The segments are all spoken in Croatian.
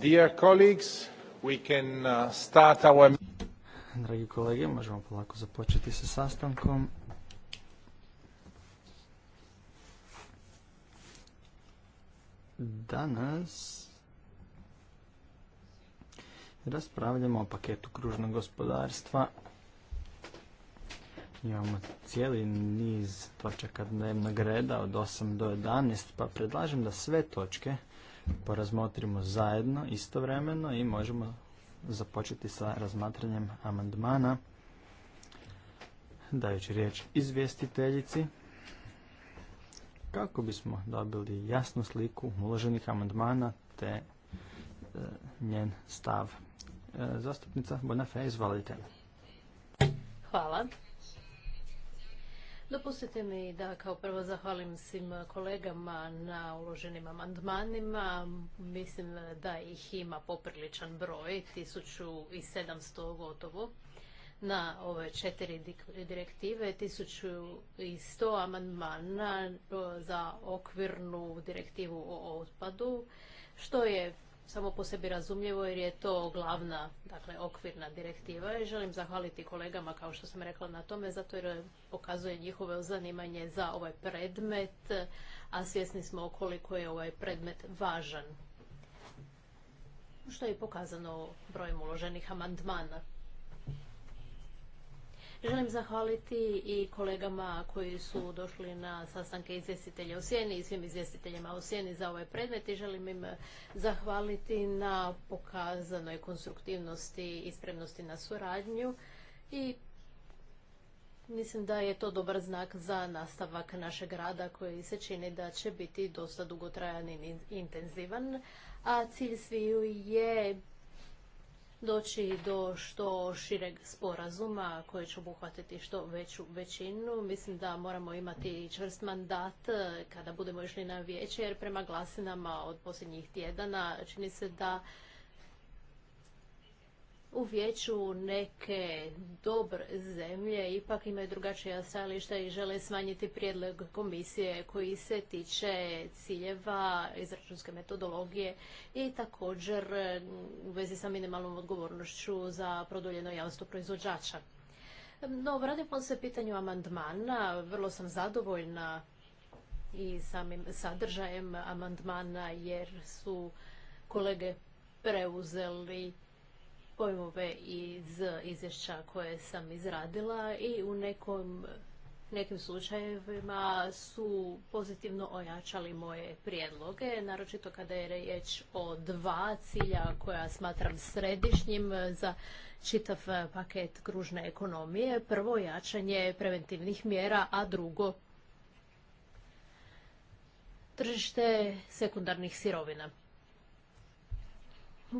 Dear colleagues, we can uh, Dragi kolege, možemo polako započeti sa sastankom. Danas raspravljamo o paketu kružnog gospodarstva Imamo cijeli niz točaka dnevnog reda od 8 do 11, pa predlažem da sve točke porazmotrimo zajedno, istovremeno i možemo započeti sa razmatranjem amandmana dajući riječ izvjestiteljici kako bismo dobili jasnu sliku uloženih amandmana te e, njen stav. E, zastupnica Bonafé, izvolite. Hvala. Dopustite mi da kao prvo zahvalim svim kolegama na uloženim amandmanima. Mislim da ih ima popriličan broj, 1700 gotovo na ove četiri direktive, 1100 amandmana za okvirnu direktivu o otpadu, što je samo po sebi razumljivo jer je to glavna, dakle, okvirna direktiva i želim zahvaliti kolegama, kao što sam rekla na tome, zato jer pokazuje njihove zanimanje za ovaj predmet, a svjesni smo koliko je ovaj predmet važan. Što je pokazano brojem uloženih amandmana. Želim zahvaliti i kolegama koji su došli na sastanke izvjestitelja u Sjeni i svim izvjestiteljima u Sjeni za ovaj predmet i želim im zahvaliti na pokazanoj konstruktivnosti i spremnosti na suradnju i Mislim da je to dobar znak za nastavak našeg rada koji se čini da će biti dosta dugotrajan i intenzivan, a cilj sviju je doći do što šireg sporazuma koji će obuhvatiti što veću većinu. Mislim da moramo imati čvrst mandat e, kada budemo išli na vijeće jer prema glasinama od posljednjih tjedana čini se da u vijeću neke dobre zemlje ipak imaju drugačija stajališta i žele smanjiti prijedlog komisije koji se tiče ciljeva, izračunske metodologije i također u vezi sa minimalnom odgovornošću za produljeno jamstvo proizvođača. No, vratimo se pitanju amandmana. Vrlo sam zadovoljna i samim sadržajem amandmana jer su kolege preuzeli pojmove iz izvješća koje sam izradila i u nekom, nekim slučajevima su pozitivno ojačali moje prijedloge, naročito kada je riječ o dva cilja koja smatram središnjim za čitav paket kružne ekonomije. Prvo, jačanje preventivnih mjera, a drugo, tržište sekundarnih sirovina.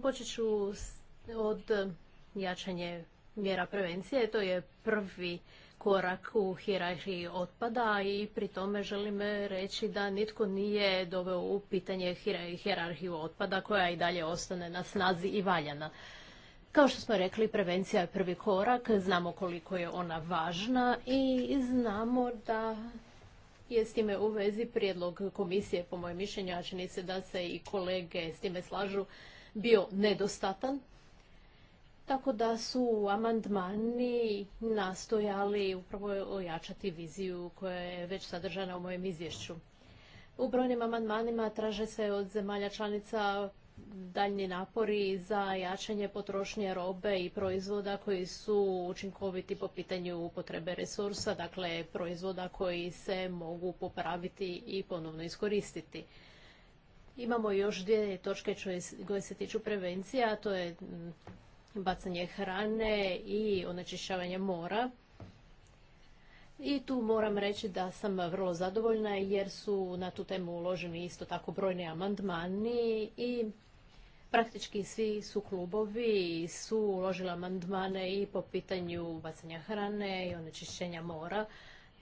Počet ću s od eh, jačanje mjera prevencije. To je prvi korak u hirarhiji otpada i pri tome želim reći da nitko nije doveo u pitanje hirarhiju otpada koja i dalje ostane na snazi i valjana. Kao što smo rekli, prevencija je prvi korak, znamo koliko je ona važna i znamo da je s time u vezi prijedlog komisije, po mojem mišljenju, a čini se da se i kolege s time slažu, bio nedostatan tako da su amandmani nastojali upravo ojačati viziju koja je već sadržana u mojem izvješću. U brojnim amandmanima traže se od zemalja članica daljnji napori za jačanje potrošnje robe i proizvoda koji su učinkoviti po pitanju upotrebe resursa, dakle proizvoda koji se mogu popraviti i ponovno iskoristiti. Imamo još dvije točke koje se tiču prevencija, to je bacanje hrane i onečišćavanje mora. I tu moram reći da sam vrlo zadovoljna jer su na tu temu uloženi isto tako brojni amandmani i praktički svi su klubovi su uložili amandmane i po pitanju bacanja hrane i onečišćenja mora.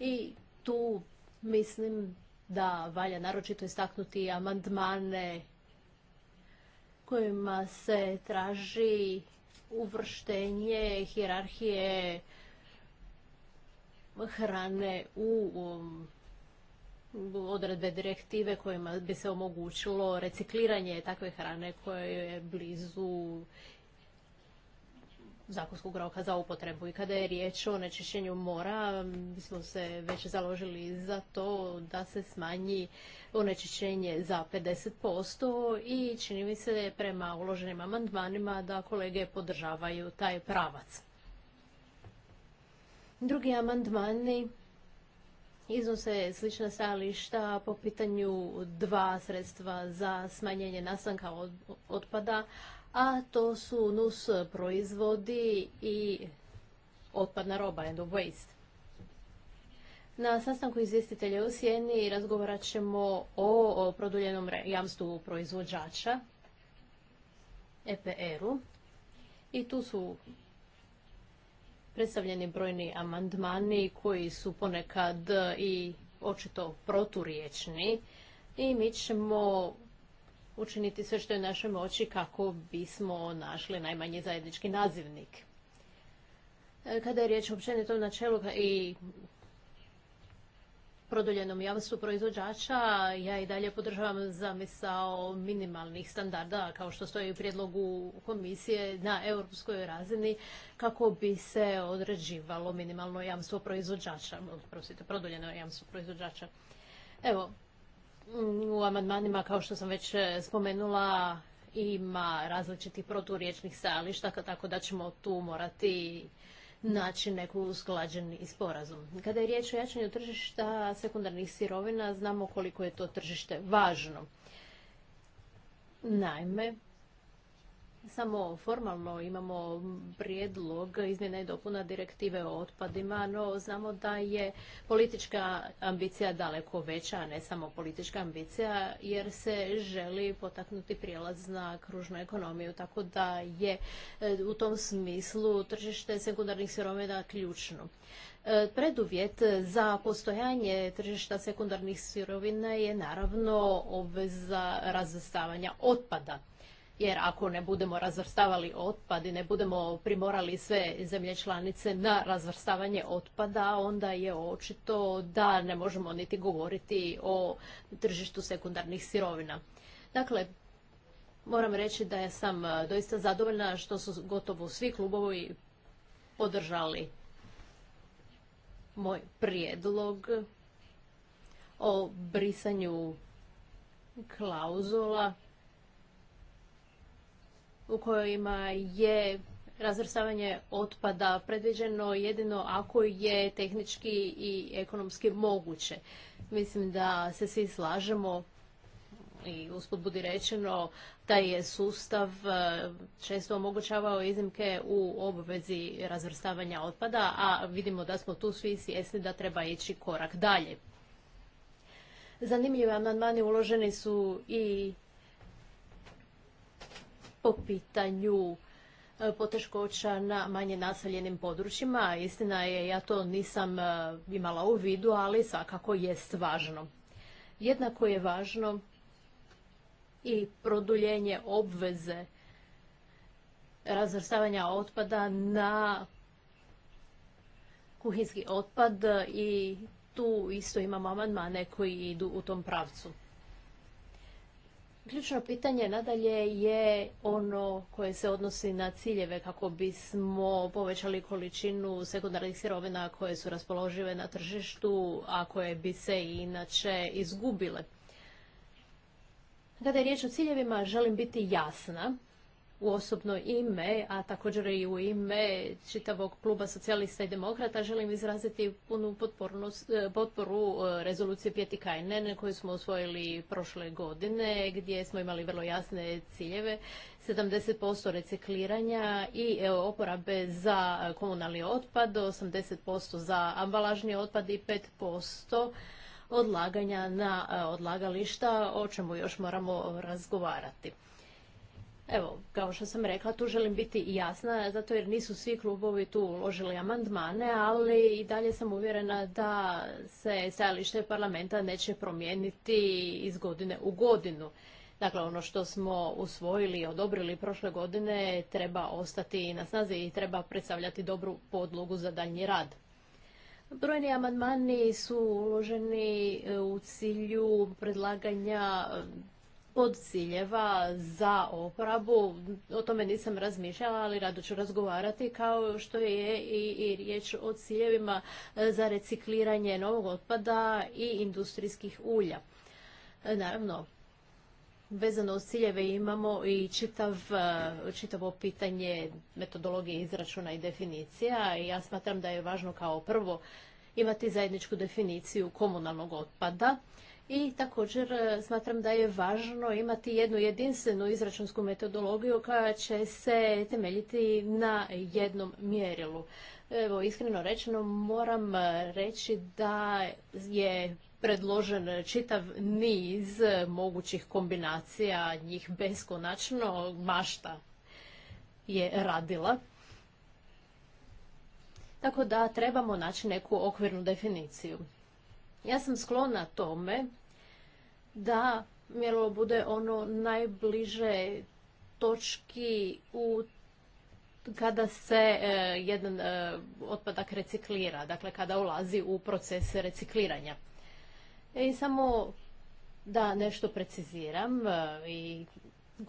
I tu mislim da valja naročito istaknuti amandmane kojima se traži uvrštenje hirarhije hrane u um, odredbe direktive kojima bi se omogućilo recikliranje takve hrane koje je blizu zakonskog roka za upotrebu. I kada je riječ o nečišćenju mora, mi smo se već založili za to da se smanji onečišćenje za 50% i čini mi se prema uloženim amandmanima da kolege podržavaju taj pravac. Drugi amandmani iznose slična stajališta po pitanju dva sredstva za smanjenje nastanka otpada, a to su NUS proizvodi i otpadna roba, end of waste. Na sastanku izvjestitelja u Sjeni razgovarat ćemo o produljenom jamstvu proizvođača, EPR-u, i tu su predstavljeni brojni amandmani koji su ponekad i očito proturiječni i mi ćemo učiniti sve što je našoj moći kako bismo našli najmanji zajednički nazivnik. E, kada je riječ o općenitom načelu i produljenom jamstvu proizvođača, ja i dalje podržavam zamisao minimalnih standarda, kao što stoji u prijedlogu komisije na europskoj razini, kako bi se određivalo minimalno jamstvo proizvođača, prosite, produljeno jamstvo proizvođača. Evo, u amandmanima, kao što sam već e, spomenula, ima različitih proturiječnih stajališta, tako da ćemo tu morati naći neku usklađeni sporazum. Kada je riječ o jačanju tržišta sekundarnih sirovina, znamo koliko je to tržište važno. Naime, samo formalno imamo prijedlog izmjena i dopuna direktive o otpadima, no znamo da je politička ambicija daleko veća, a ne samo politička ambicija, jer se želi potaknuti prijelaz na kružnu ekonomiju, tako da je e, u tom smislu tržište sekundarnih sirovina ključno. E, preduvjet za postojanje tržišta sekundarnih sirovina je naravno obveza razvrstavanja otpada. Jer ako ne budemo razvrstavali otpad i ne budemo primorali sve zemlje članice na razvrstavanje otpada, onda je očito da ne možemo niti govoriti o tržištu sekundarnih sirovina. Dakle, moram reći da sam e, doista zadovoljna što su gotovo svi klubovi podržali moj prijedlog o brisanju klauzula u kojima je razvrstavanje otpada predviđeno jedino ako je tehnički i ekonomski moguće. Mislim da se svi slažemo i usput budi rečeno, taj je sustav e, često omogućavao iznimke u obvezi razvrstavanja otpada, a vidimo da smo tu svi svjesni da treba ići korak dalje. Zanimljivi amandmani uloženi su i po pitanju e, poteškoća na manje naseljenim područjima. Istina je, ja to nisam e, imala u vidu, ali svakako jest važno. Jednako je važno i produljenje obveze razvrstavanja otpada na kuhinski otpad i tu isto imamo amandmane koji idu u tom pravcu. Ključno pitanje nadalje je ono koje se odnosi na ciljeve kako bismo povećali količinu sekundarnih sirovina koje su raspoložive na tržištu, a koje bi se inače izgubile. Kada je riječ o ciljevima, želim biti jasna u osobno ime, a također i u ime čitavog kluba socijalista i demokrata želim izraziti punu e, potporu e, rezolucije Pjeti Kajnen koju smo usvojili prošle godine gdje smo imali vrlo jasne ciljeve 70% recikliranja i oporabe za komunalni otpad, 80% za ambalažni otpad i 5% odlaganja na e, odlagališta, o čemu još moramo razgovarati. Evo, kao što sam rekla, tu želim biti jasna, zato jer nisu svi klubovi tu uložili amandmane, ali i dalje sam uvjerena da se stajalište parlamenta neće promijeniti iz godine u godinu. Dakle, ono što smo usvojili i odobrili prošle godine treba ostati na snazi i treba predstavljati dobru podlogu za daljnji rad. Brojni amandmani su uloženi e, u cilju predlaganja od ciljeva za oporabu. O tome nisam razmišljala, ali rado ću razgovarati kao što je i, riječ o ciljevima e, za recikliranje novog otpada i industrijskih ulja. E, naravno, vezano uz ciljeve imamo i e, čitavo pitanje metodologije izračuna i definicija. Ja smatram da je važno kao prvo imati zajedničku definiciju komunalnog otpada i također e, smatram da je važno imati jednu jedinstvenu izračunsku metodologiju koja će se temeljiti na jednom mjerilu. Evo, iskreno rečeno moram e, reći da je predložen čitav niz mogućih kombinacija, njih beskonačno mašta je radila. Tako da trebamo naći neku okvirnu definiciju. Ja sam sklona tome da mjerilo bude ono najbliže točki u kada se e, jedan e, otpadak reciklira, dakle kada ulazi u proces recikliranja. E, I samo da nešto preciziram i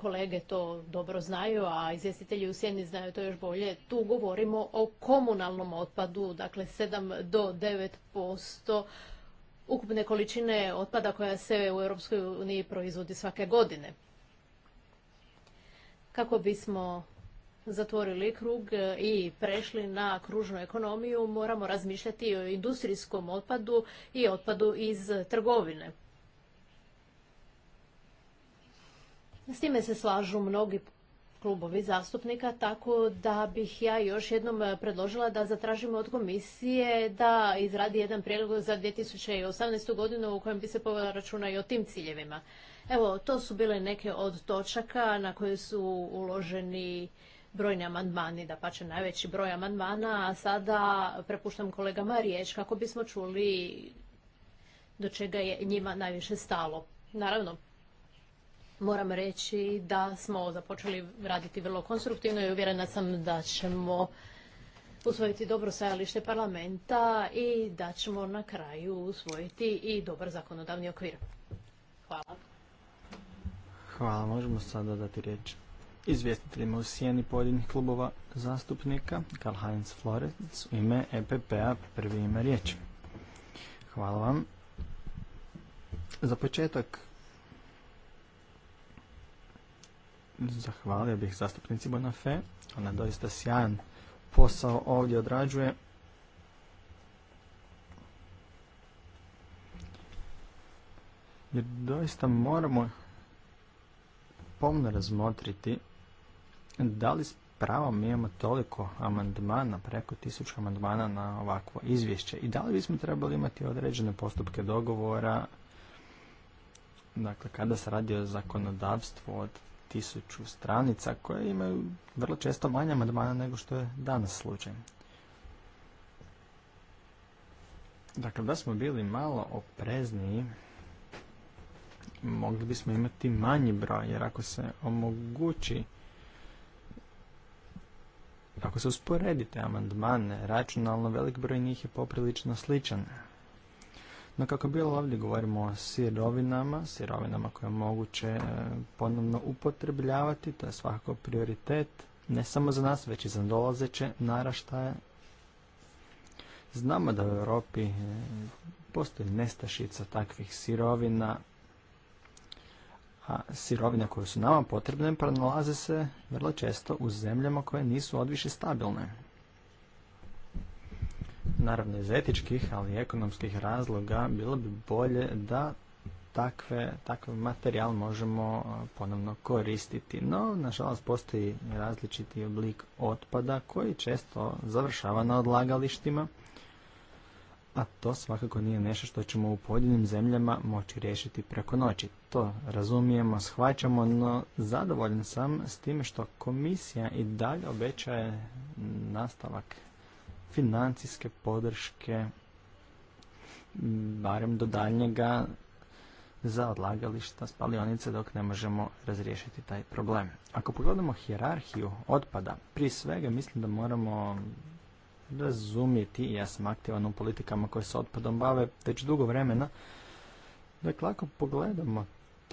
kolege to dobro znaju, a izvjestitelji u Sjeni znaju to još bolje. Tu govorimo o komunalnom otpadu, dakle 7 do 9 posto ukupne količine otpada koja se u Europskoj uniji proizvodi svake godine. Kako bismo zatvorili krug i prešli na kružnu ekonomiju, moramo razmišljati o industrijskom otpadu i otpadu iz trgovine. S time se slažu mnogi klubovi zastupnika, tako da bih ja još jednom e, predložila da zatražimo od komisije da izradi jedan prijedlog za 2018. godinu u kojem bi se povela računa i o tim ciljevima. Evo, to su bile neke od točaka na koje su uloženi brojni amandmani, da pače najveći broj amandmana, a sada prepuštam kolegama riječ kako bismo čuli do čega je njima najviše stalo. Naravno, Moram reći da smo započeli raditi vrlo konstruktivno i uvjerena sam da ćemo usvojiti dobro stajalište parlamenta i da ćemo na kraju usvojiti i dobar zakonodavni okvir. Hvala. Hvala, možemo sada dati riječ izvjestiteljima u sjeni pojedinih klubova zastupnika. Karl Heinz Florec u ime EPP-a prvi ima riječ. Hvala vam. Za početak Zahvalio bih zastupnici Bonafé. Ona doista sjajan posao ovdje odrađuje. Jer doista moramo pomno razmotriti da li pravo mi imamo toliko amandmana, preko tisuća amandmana na ovakvo izvješće i da li bismo trebali imati određene postupke dogovora, dakle kada se radi o zakonodavstvu od tisuću stranica koje imaju vrlo često manje amandmana nego što je danas slučaj. Dakle, da smo bili malo oprezniji, mogli bismo imati manji broj, jer ako se omogući, ako se usporedite amandmane, računalno velik broj njih je poprilično sličan. No kako bilo ovdje govorimo o sirovinama, sirovinama koje je moguće e, ponovno upotrebljavati, to je svakako prioritet, ne samo za nas, već i za dolazeće naraštaje. Znamo da u Europi e, postoji nestašica takvih sirovina, a sirovine koje su nama potrebne pronalaze se vrlo često u zemljama koje nisu odviše stabilne. Naravno iz etičkih, ali i ekonomskih razloga bilo bi bolje da takve, takav materijal možemo ponovno koristiti. No, nažalost, postoji različiti oblik otpada koji često završava na odlagalištima, a to svakako nije nešto što ćemo u pojedinim zemljama moći riješiti preko noći. To razumijemo, shvaćamo, no zadovoljan sam s time što komisija i dalje obećaje nastavak financijske podrške, barem do daljnjega, za odlagališta spalionice dok ne možemo razriješiti taj problem. Ako pogledamo hjerarhiju otpada, prije svega mislim da moramo razumjeti, ja sam aktivan u politikama koje se otpadom bave već dugo vremena, dakle ako pogledamo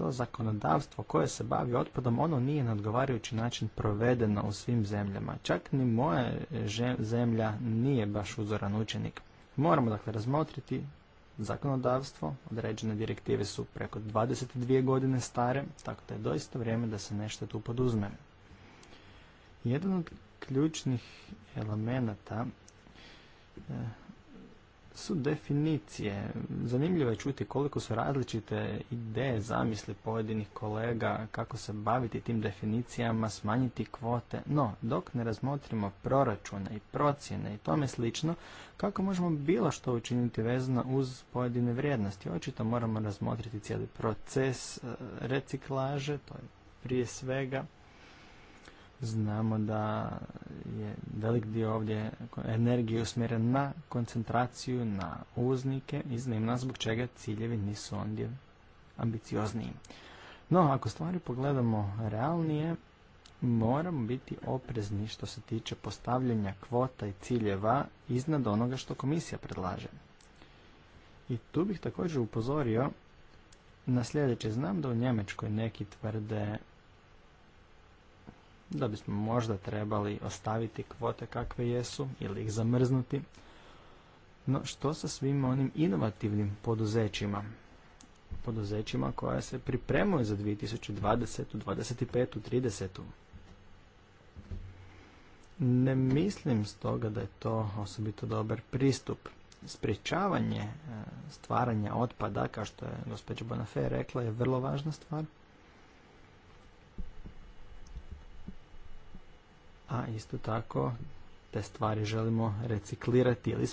zakonodavstvo koje se bavi otpadom, ono nije na odgovarajući način provedeno u svim zemljama. Čak ni moja zemlja nije baš uzoran učenik. Moramo dakle razmotriti zakonodavstvo, određene direktive su preko 22 godine stare, tako da je doista vrijeme da se nešto tu poduzme. Jedan od ključnih elemenata eh, su definicije. Zanimljivo je čuti koliko su različite ideje, zamisli pojedinih kolega, kako se baviti tim definicijama, smanjiti kvote. No, dok ne razmotrimo proračune i procjene i tome slično, kako možemo bilo što učiniti vezano uz pojedine vrijednosti? Očito moramo razmotriti cijeli proces eh, reciklaže, to je prije svega Znamo da je velik dio ovdje energije usmjeren na koncentraciju, na uznike i zbog čega ciljevi nisu ondje ambiciozniji. No, ako stvari pogledamo realnije, moramo biti oprezni što se tiče postavljanja kvota i ciljeva iznad onoga što komisija predlaže. I tu bih također upozorio na sljedeće. Znam da u Njemačkoj neki tvrde da bismo možda trebali ostaviti kvote kakve jesu ili ih zamrznuti. No što sa svim onim inovativnim poduzećima? Poduzećima koja se pripremuje za 2020, 2025, 2030. Ne mislim stoga da je to osobito dobar pristup. Spričavanje e, stvaranja otpada, kao što je gospođa Bonafé rekla, je vrlo važna stvar. a isto tako te stvari želimo reciklirati ili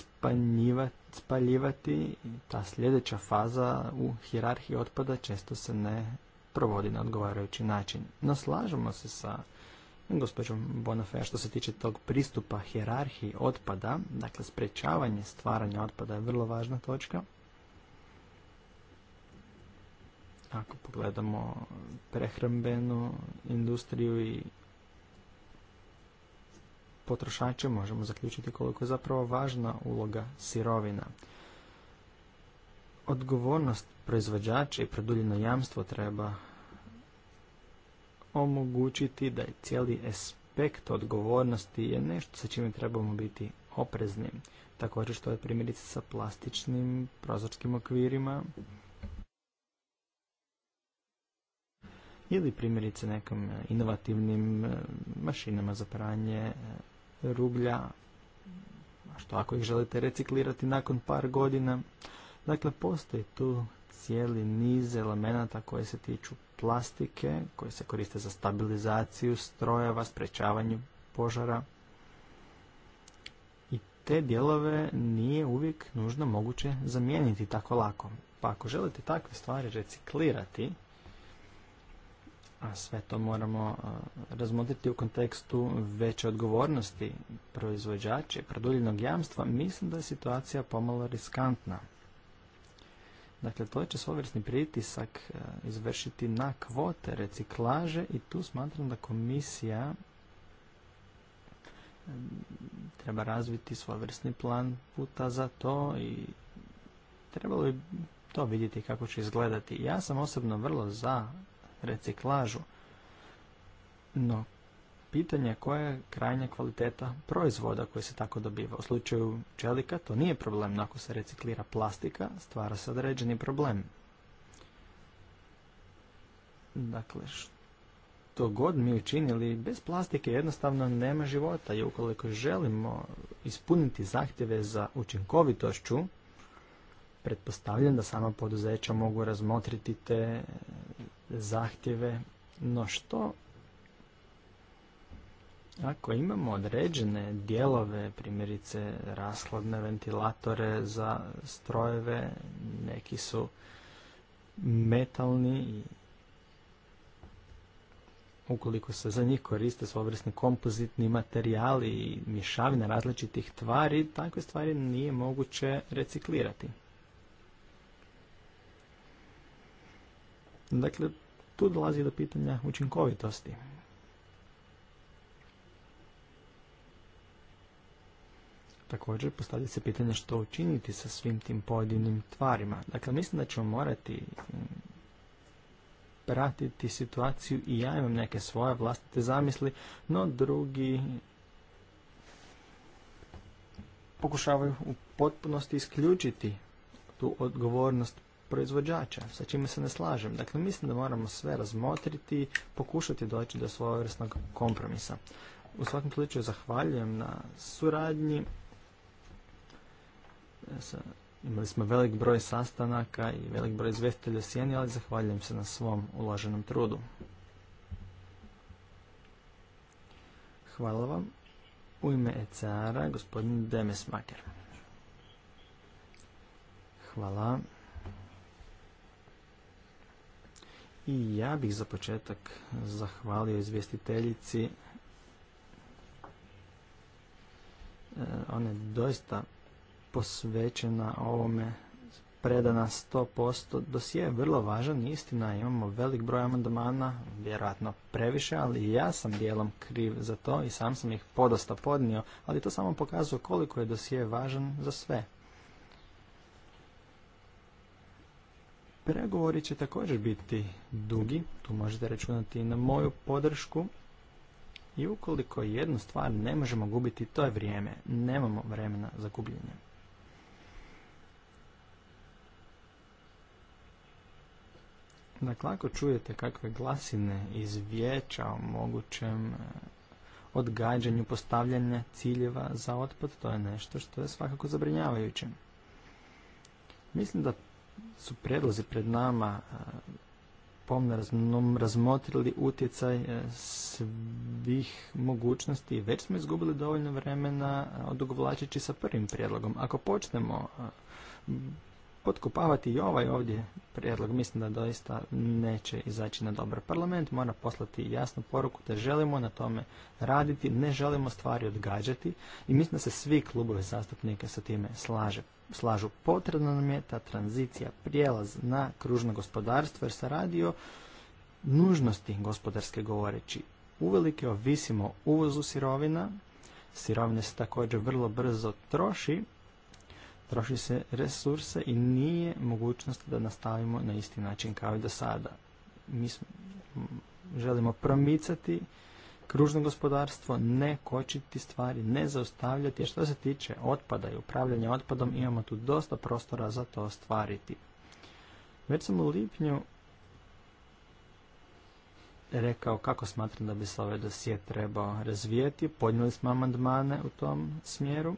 spaljivati, ta sljedeća faza u hirarhiji otpada često se ne provodi na odgovarajući način. No slažemo se sa gospođom Bonafea što se tiče tog pristupa hirarhiji otpada, dakle sprečavanje stvaranja otpada je vrlo važna točka. Ako pogledamo prehrambenu industriju i potrošače možemo zaključiti koliko je zapravo važna uloga sirovina. Odgovornost proizvođača i produljeno jamstvo treba omogućiti da je cijeli aspekt odgovornosti je nešto sa čime trebamo biti oprezni. Također što je primjerice sa plastičnim prozorskim okvirima ili primjerice nekim inovativnim eh, mašinama za pranje eh, rublja, što ako ih želite reciklirati nakon par godina. Dakle, postoji tu cijeli niz elemenata koje se tiču plastike, koje se koriste za stabilizaciju strojeva, sprečavanju požara. I te dijelove nije uvijek nužno moguće zamijeniti tako lako. Pa ako želite takve stvari reciklirati, a sve to moramo razmotriti u kontekstu veće odgovornosti proizvođače, produljenog jamstva, mislim da je situacija pomalo riskantna. Dakle, to će pritisak izvršiti na kvote reciklaže i tu smatram da komisija treba razviti svovrsni plan puta za to i trebalo bi to vidjeti kako će izgledati. Ja sam osobno vrlo za reciklažu. No, pitanje je koja je krajnja kvaliteta proizvoda koji se tako dobiva. U slučaju čelika to nije problem, ako se reciklira plastika, stvara se određeni problem. Dakle, što god mi učinili, bez plastike jednostavno nema života i ukoliko želimo ispuniti zahtjeve za učinkovitošću, Pretpostavljam da sama poduzeća mogu razmotriti te zahtjeve, no što ako imamo određene dijelove, primjerice rasladne ventilatore za strojeve, neki su metalni i ukoliko se za njih koriste svobrsni kompozitni materijali i mješavina različitih tvari, takve stvari nije moguće reciklirati. Dakle, tu dolazi do pitanja učinkovitosti. Također postavlja se pitanje što učiniti sa svim tim pojedinim tvarima. Dakle, mislim da ćemo morati mm, pratiti situaciju i ja imam neke svoje vlastite zamisli, no drugi pokušavaju u potpunosti isključiti tu odgovornost proizvođača, sa čime se ne slažem. Dakle, mislim da moramo sve razmotriti i pokušati doći do svojevrsnog kompromisa. U svakom slučaju zahvaljujem na suradnji. E, imali smo velik broj sastanaka i velik broj izvjestitelja sjeni, ali zahvaljujem se na svom uloženom trudu. Hvala vam. U ime ECR-a gospodin Maker. Hvala. I ja bih za početak zahvalio izvjestiteljici. E, ona je doista posvećena ovome predana 100%. Dosije je vrlo važan, istina, imamo velik broj amandmana, vjerojatno previše, ali ja sam dijelom kriv za to i sam sam ih podosta podnio, ali to samo pokazuje koliko je dosije važan za sve. Pregovori će također biti dugi, tu možete računati i na moju podršku. I ukoliko jednu stvar ne možemo gubiti, to je vrijeme. Nemamo vremena za gubljenje. Dakle, ako čujete kakve glasine iz o mogućem e, odgađanju postavljanja ciljeva za otpad, to je nešto što je svakako zabrinjavajuće. Mislim da su predlozi pred nama pomno razmotrili utjecaj e, svih mogućnosti već smo izgubili dovoljno vremena odugovlačeći sa prvim prijedlogom. Ako počnemo potkopavati i ovaj ovdje prijedlog mislim da doista neće izaći na dobar parlament, mora poslati jasnu poruku da želimo na tome raditi, ne želimo stvari odgađati i mislim da se svi klubovi zastupnika sa time slaže. slažu. Potrebna nam je ta tranzicija, prijelaz na kružno gospodarstvo jer se radi o nužnosti gospodarske govoreći. Uvelike ovisimo uvozu sirovina, sirovine se također vrlo brzo troši troši se resurse i nije mogućnost da nastavimo na isti način kao i do sada. Mi želimo promicati kružno gospodarstvo, ne kočiti stvari, ne zaustavljati. što se tiče otpada i upravljanja otpadom, imamo tu dosta prostora za to ostvariti. Već sam u lipnju rekao kako smatram da bi se ovaj dosije trebao razvijeti. Podnijeli smo amandmane u tom smjeru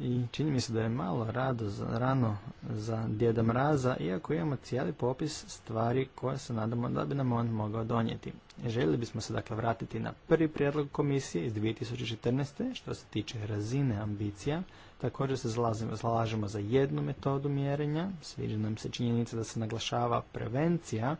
i čini mi se da je malo rado, rano za Djeda Mraza, iako imamo cijeli popis stvari koje se nadamo da bi nam on mogao donijeti. Željeli bismo se dakle vratiti na prvi prijedlog komisije iz 2014. što se tiče razine ambicija. Također se zalažemo za jednu metodu mjerenja. Sviđa nam se činjenica da se naglašava prevencija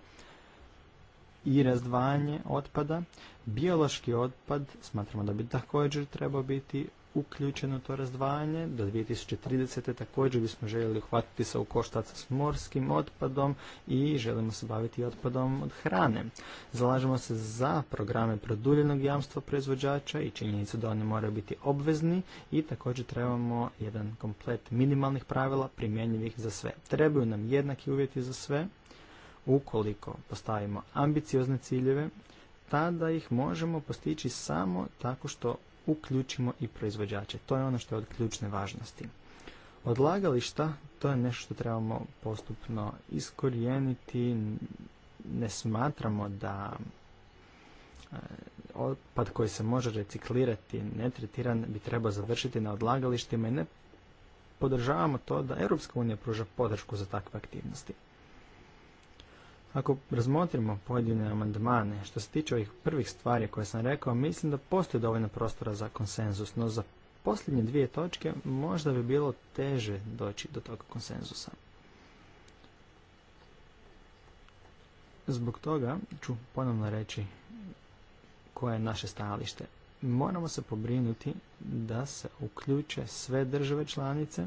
i razdvajanje otpada. Biološki otpad smatramo da bi također trebao biti uključeno to razdvajanje. Do 2030. također bismo željeli uhvatiti se u koštac s morskim otpadom i želimo se baviti otpadom od hrane. Zalažemo se za programe produljenog jamstva proizvođača i činjenicu da oni moraju biti obvezni i također trebamo jedan komplet minimalnih pravila primjenjivih za sve. Trebaju nam jednaki uvjeti za sve. Ukoliko postavimo ambiciozne ciljeve, tada ih možemo postići samo tako što uključimo i proizvođače. To je ono što je od ključne važnosti. Odlagališta, to je nešto što trebamo postupno iskorijeniti. Ne smatramo da e, otpad koji se može reciklirati, netretiran, bi trebao završiti na odlagalištima i ne podržavamo to da Europska unija pruža podršku za takve aktivnosti. Ako razmotrimo pojedine amandmane, što se tiče ovih prvih stvari koje sam rekao, mislim da postoji dovoljno prostora za konsenzus, no za posljednje dvije točke možda bi bilo teže doći do toga konsenzusa. Zbog toga ću ponovno reći koje je naše stajalište. Moramo se pobrinuti da se uključe sve države članice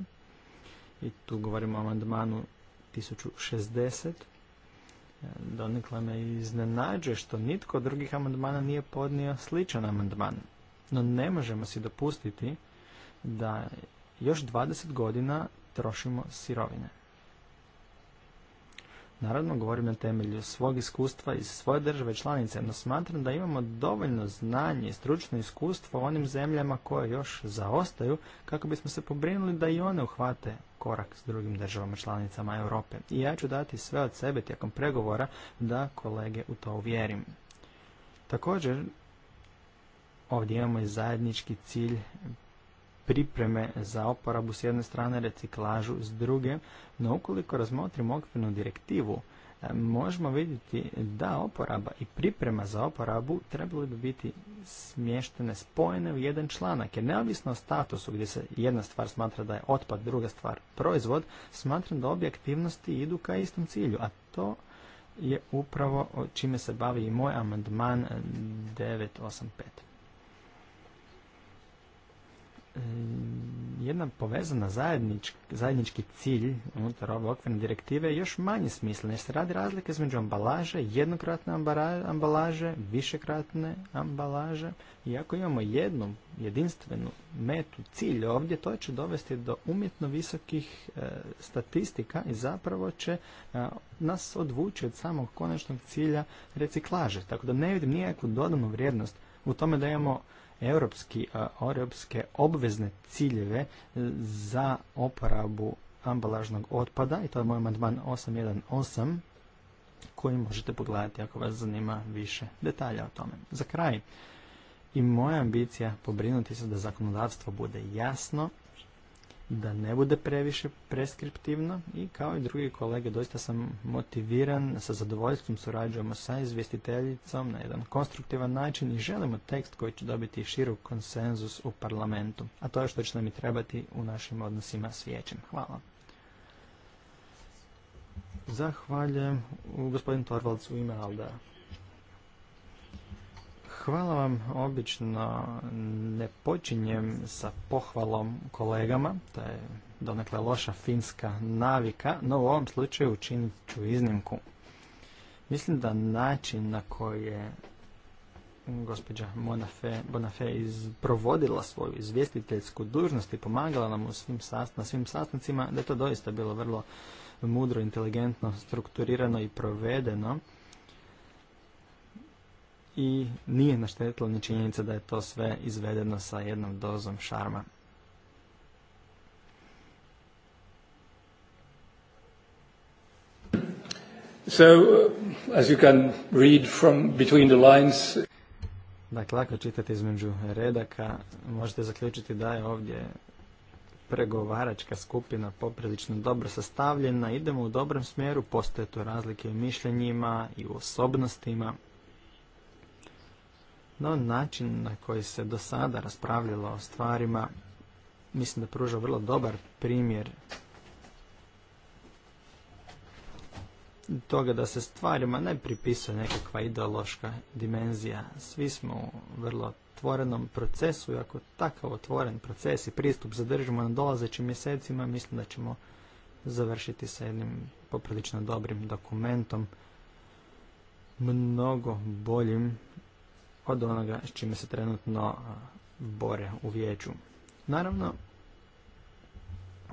i tu govorimo o amandmanu 1060 Donekle me iznenađuje što nitko od drugih amandmana nije podnio sličan amandman. No ne možemo si dopustiti da još 20 godina trošimo sirovine. Naravno, govorim na temelju svog iskustva iz svoje države članice, no smatram da imamo dovoljno znanje i stručno iskustvo onim zemljama koje još zaostaju kako bismo se pobrinuli da i one uhvate korak s drugim državama članicama Europe. I ja ću dati sve od sebe tijekom pregovora da kolege u to uvjerim. Također, ovdje imamo i zajednički cilj pripreme za oporabu s jedne strane, reciklažu s druge, no ukoliko razmotrimo okvirnu direktivu, e, možemo vidjeti da oporaba i priprema za oporabu trebali bi biti smještene, spojene u jedan članak, jer neovisno o statusu gdje se jedna stvar smatra da je otpad, druga stvar proizvod, smatram da obje aktivnosti idu ka istom cilju, a to je upravo čime se bavi i moj amandman 985 jedna povezana zajednički, cilj unutar ove okvirne direktive je još manje smislen jer se radi razlike između ambalaže, jednokratne ambalaže, višekratne ambalaže i ako imamo jednu jedinstvenu metu, cilj ovdje, to će dovesti do umjetno visokih e, statistika i zapravo će e, nas odvući od samog konačnog cilja reciklaže. Tako da ne vidim nijakvu dodanu vrijednost u tome da imamo europski, europske obvezne ciljeve za oporabu ambalažnog otpada i to je moj amandman 818 koji možete pogledati ako vas zanima više detalja o tome. Za kraj, i moja ambicija pobrinuti se da zakonodavstvo bude jasno, da ne bude previše preskriptivno i kao i drugi kolege doista sam motiviran, sa zadovoljstvom surađujemo sa izvjestiteljicom na jedan konstruktivan način i želimo tekst koji će dobiti širok konsenzus u parlamentu, a to je što će nam i trebati u našim odnosima s vijećem. Hvala. Zahvaljujem u gospodin Torvalds ime Alda. Hvala vam. Obično ne počinjem sa pohvalom kolegama, to je donekle loša finska navika, no u ovom slučaju učinit ću iznimku. Mislim da način na koji je gospođa Bonafe provodila svoju izvjestiteljsku dužnost i pomagala nam u svim na svim sastancima, da je to doista bilo vrlo mudro, inteligentno, strukturirano i provedeno i nije naštetilo ni činjenica da je to sve izvedeno sa jednom dozom šarma. So, uh, as you can read from between the lines... Dakle, ako čitate između redaka, možete zaključiti da je ovdje pregovaračka skupina poprilično dobro sastavljena, idemo u dobrom smjeru, postoje tu razlike u mišljenjima i u osobnostima. No način na koji se do sada raspravljalo o stvarima mislim da pruža vrlo dobar primjer toga da se stvarima ne pripisuje nekakva ideološka dimenzija. Svi smo u vrlo otvorenom procesu i ako takav otvoren proces i pristup zadržimo na dolazećim mjesecima, mislim da ćemo završiti sa jednim poprilično dobrim dokumentom, mnogo boljim od onoga s čime se trenutno bore u vijeću. Naravno,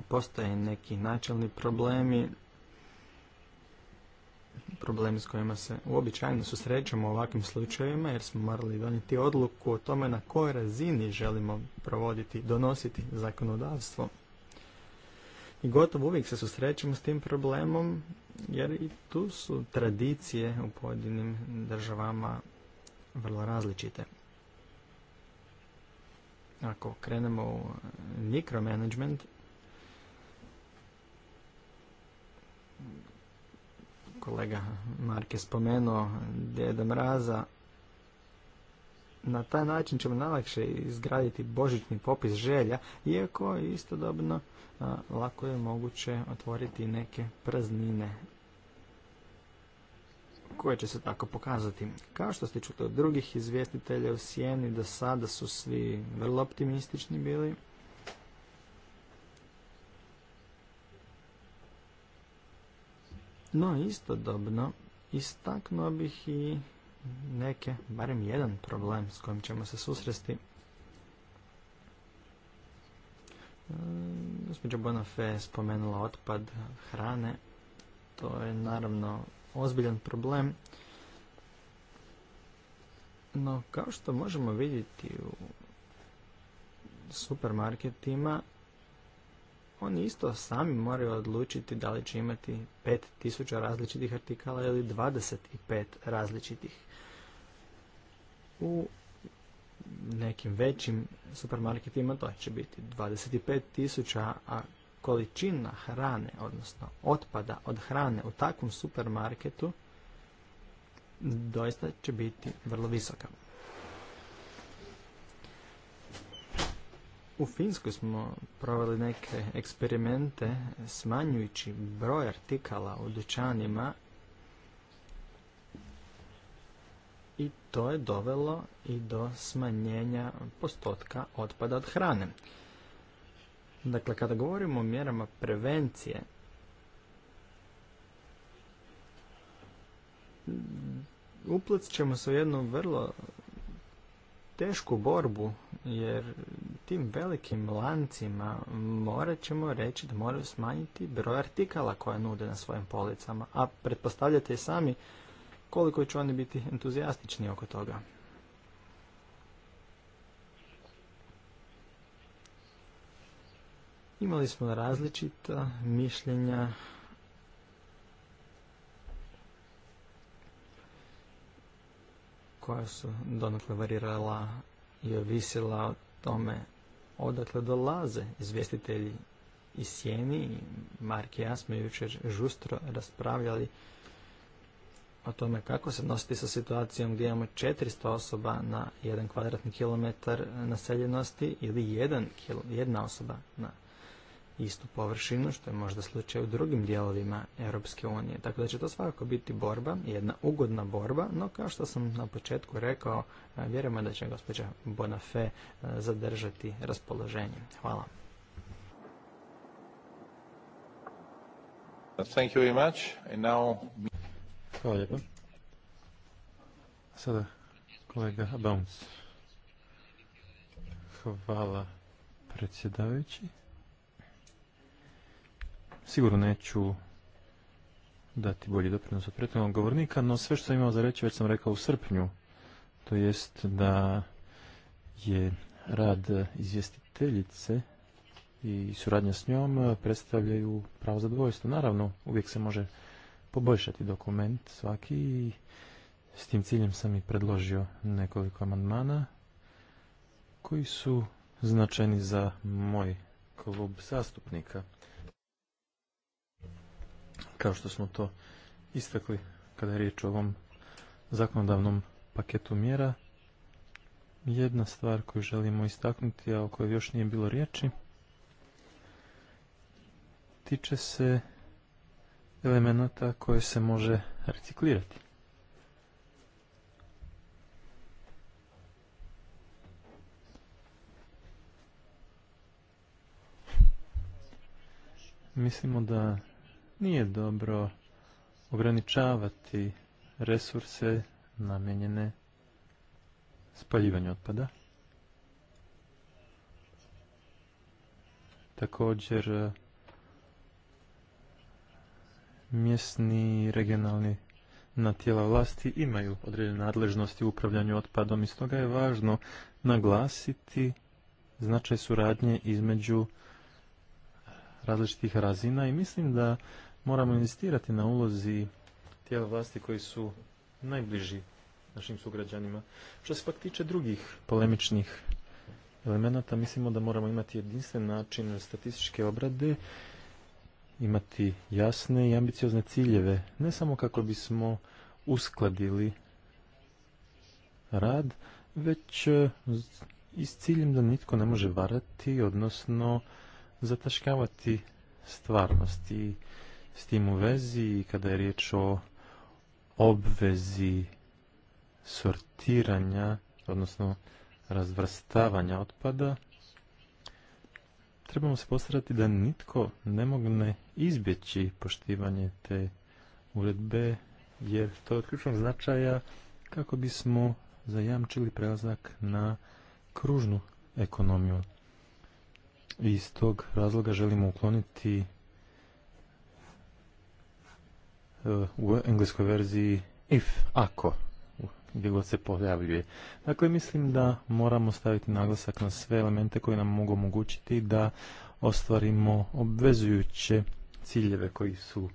postoje neki načelni problemi, problemi s kojima se uobičajno susrećemo u ovakvim slučajevima jer smo morali donijeti odluku o tome na kojoj razini želimo provoditi, donositi zakonodavstvo. I gotovo uvijek se susrećemo s tim problemom jer i tu su tradicije u pojedinim državama vrlo različite. Ako krenemo u mikromanagement, kolega Mark je spomenuo Djeda Mraza, na taj način ćemo najlakše izgraditi božićni popis želja, iako istodobno lako je moguće otvoriti neke praznine koje će se tako pokazati. Kao što ste čuli od drugih izvjestitelja u Sijeni, do sada su svi vrlo optimistični bili. No istodobno istaknuo bih i neke, barem jedan problem s kojim ćemo se susresti. Gospođa Bonafé spomenula otpad hrane. To je naravno ozbiljan problem. No, kao što možemo vidjeti u supermarketima, oni isto sami moraju odlučiti da li će imati 5000 različitih artikala ili 25 različitih. U nekim većim supermarketima to će biti 25.000, a količina hrane, odnosno otpada od hrane u takvom supermarketu doista će biti vrlo visoka. U Finskoj smo proveli neke eksperimente smanjujući broj artikala u dućanima i to je dovelo i do smanjenja postotka otpada od hrane. Dakle, kada govorimo o mjerama prevencije, uplac ćemo se u jednu vrlo tešku borbu, jer tim velikim lancima morat ćemo reći da moraju smanjiti broj artikala koje nude na svojim policama, a pretpostavljate i sami koliko će oni biti entuzijastični oko toga. Imali smo različita mišljenja koja su donakle varirala i ovisila o tome odakle dolaze izvjestitelji iz sjeni. Mark i ja smo jučer žustro raspravljali o tome kako se nositi sa situacijom gdje imamo 400 osoba na 1 kvadratni kilometar naseljenosti ili jedna osoba na istu površinu, što je možda slučaj u drugim dijelovima Europske unije. Tako da će to svakako biti borba, jedna ugodna borba, no kao što sam na početku rekao, vjerujemo da će gospođa Bonafé zadržati raspoloženje. Hvala. Thank you very much. And now... Hvala Sada kolega Bounce. Hvala predsjedavajući. Sigurno neću dati bolji doprinos od prethodnog govornika, no sve što sam imao za reći već sam rekao u srpnju, to jest da je rad izvjestiteljice i suradnja s njom predstavljaju pravo zadovoljstvo. Naravno, uvijek se može poboljšati dokument svaki i s tim ciljem sam i predložio nekoliko amandmana koji su značeni za moj klub zastupnika. Kao što smo to istakli kada je riječ o ovom zakonodavnom paketu mjera, jedna stvar koju želimo istaknuti, a o kojoj još nije bilo riječi, tiče se elemenata koje se može reciklirati. Mislimo da nije dobro ograničavati resurse namenjene spaljivanju otpada. Također mjesni i regionalni na tijela vlasti imaju određene nadležnosti u upravljanju otpadom i stoga je važno naglasiti značaj suradnje između različitih razina i mislim da moramo investirati na ulozi tijela vlasti koji su najbliži našim sugrađanima. Što se pak tiče drugih polemičnih elemenata, mislimo da moramo imati jedinstven način statističke obrade, imati jasne i ambiciozne ciljeve, ne samo kako bismo uskladili rad, već e, i s ciljem da nitko ne može varati, odnosno zataškavati stvarnosti s tim u vezi i kada je riječ o obvezi sortiranja, odnosno razvrstavanja otpada, trebamo se postarati da nitko ne mogne izbjeći poštivanje te uredbe, jer to je od ključnog značaja kako bismo zajamčili prelazak na kružnu ekonomiju. I iz tog razloga želimo ukloniti Eh, u engleskoj verziji if, ako, gdje god se pojavljuje. Dakle, mislim da moramo staviti naglasak na sve elemente koji nam mogu omogućiti da ostvarimo obvezujuće ciljeve koji su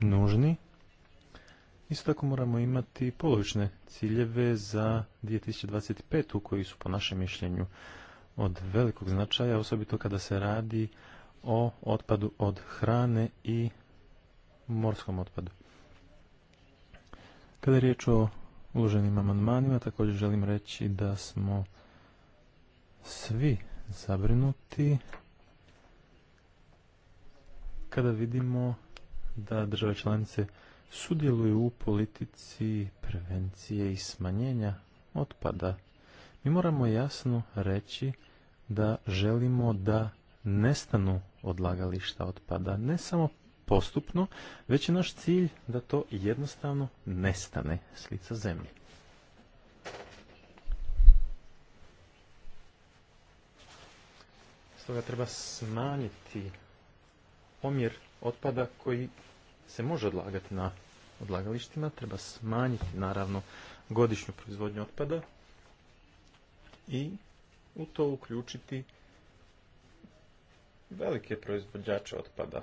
nužni. Isto tako moramo imati polovične ciljeve za 2025. koji su po našem mišljenju od velikog značaja, osobito kada se radi o otpadu od hrane i morskom otpadu. Kada je riječ o uloženim amandmanima, također želim reći da smo svi zabrinuti kada vidimo da države članice sudjeluju u politici prevencije i smanjenja otpada. Mi moramo jasno reći da želimo da nestanu odlagališta otpada, ne samo postupno, već je naš cilj da to jednostavno nestane s lica zemlje. Stoga treba smanjiti omjer otpada koji se može odlagati na odlagalištima, treba smanjiti naravno godišnju proizvodnju otpada i u to uključiti velike proizvođače otpada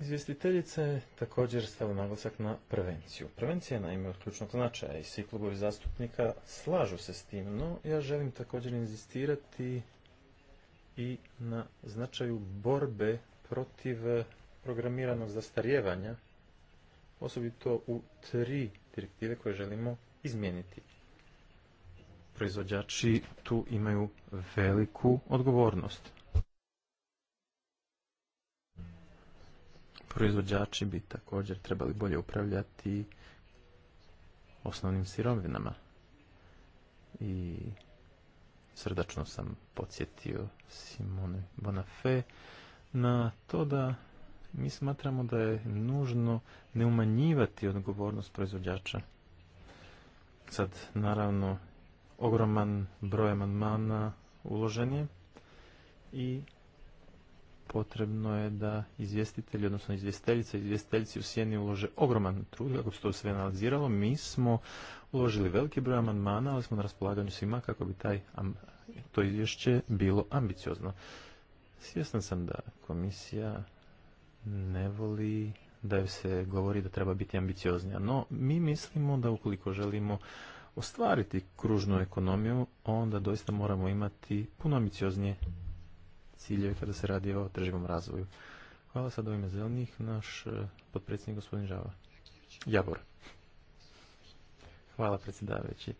Izvjestiteljica je također stavila naglasak na prevenciju. Prevencija je naime od ključnog značaja i svi klubovi zastupnika slažu se s tim, no ja želim također inzistirati i na značaju borbe protiv programiranog zastarjevanja, osobito u tri direktive koje želimo izmijeniti. Proizvođači tu imaju veliku odgovornost. proizvođači bi također trebali bolje upravljati osnovnim sirovinama. I srdačno sam podsjetio Simone Bonafé na to da mi smatramo da je nužno ne umanjivati odgovornost proizvođača. Sad, naravno, ogroman broj amandmana uložen je i potrebno je da izvjestitelji, odnosno izvjestiteljica, izvjestiteljci u sjeni ulože ogroman trud kako se to sve analiziralo. Mi smo uložili veliki broj amandmana, ali smo na raspolaganju svima kako bi taj, to izvješće bilo ambiciozno. Svjestan sam da komisija ne voli da joj se govori da treba biti ambicioznija, no mi mislimo da ukoliko želimo ostvariti kružnu ekonomiju, onda doista moramo imati puno ambicioznije ciljeve kada se radi o održivom razvoju. Hvala sad ovime zelenih, naš e, podpredsjednik, gospodin Žava. Javor. Hvala predsjedavajući.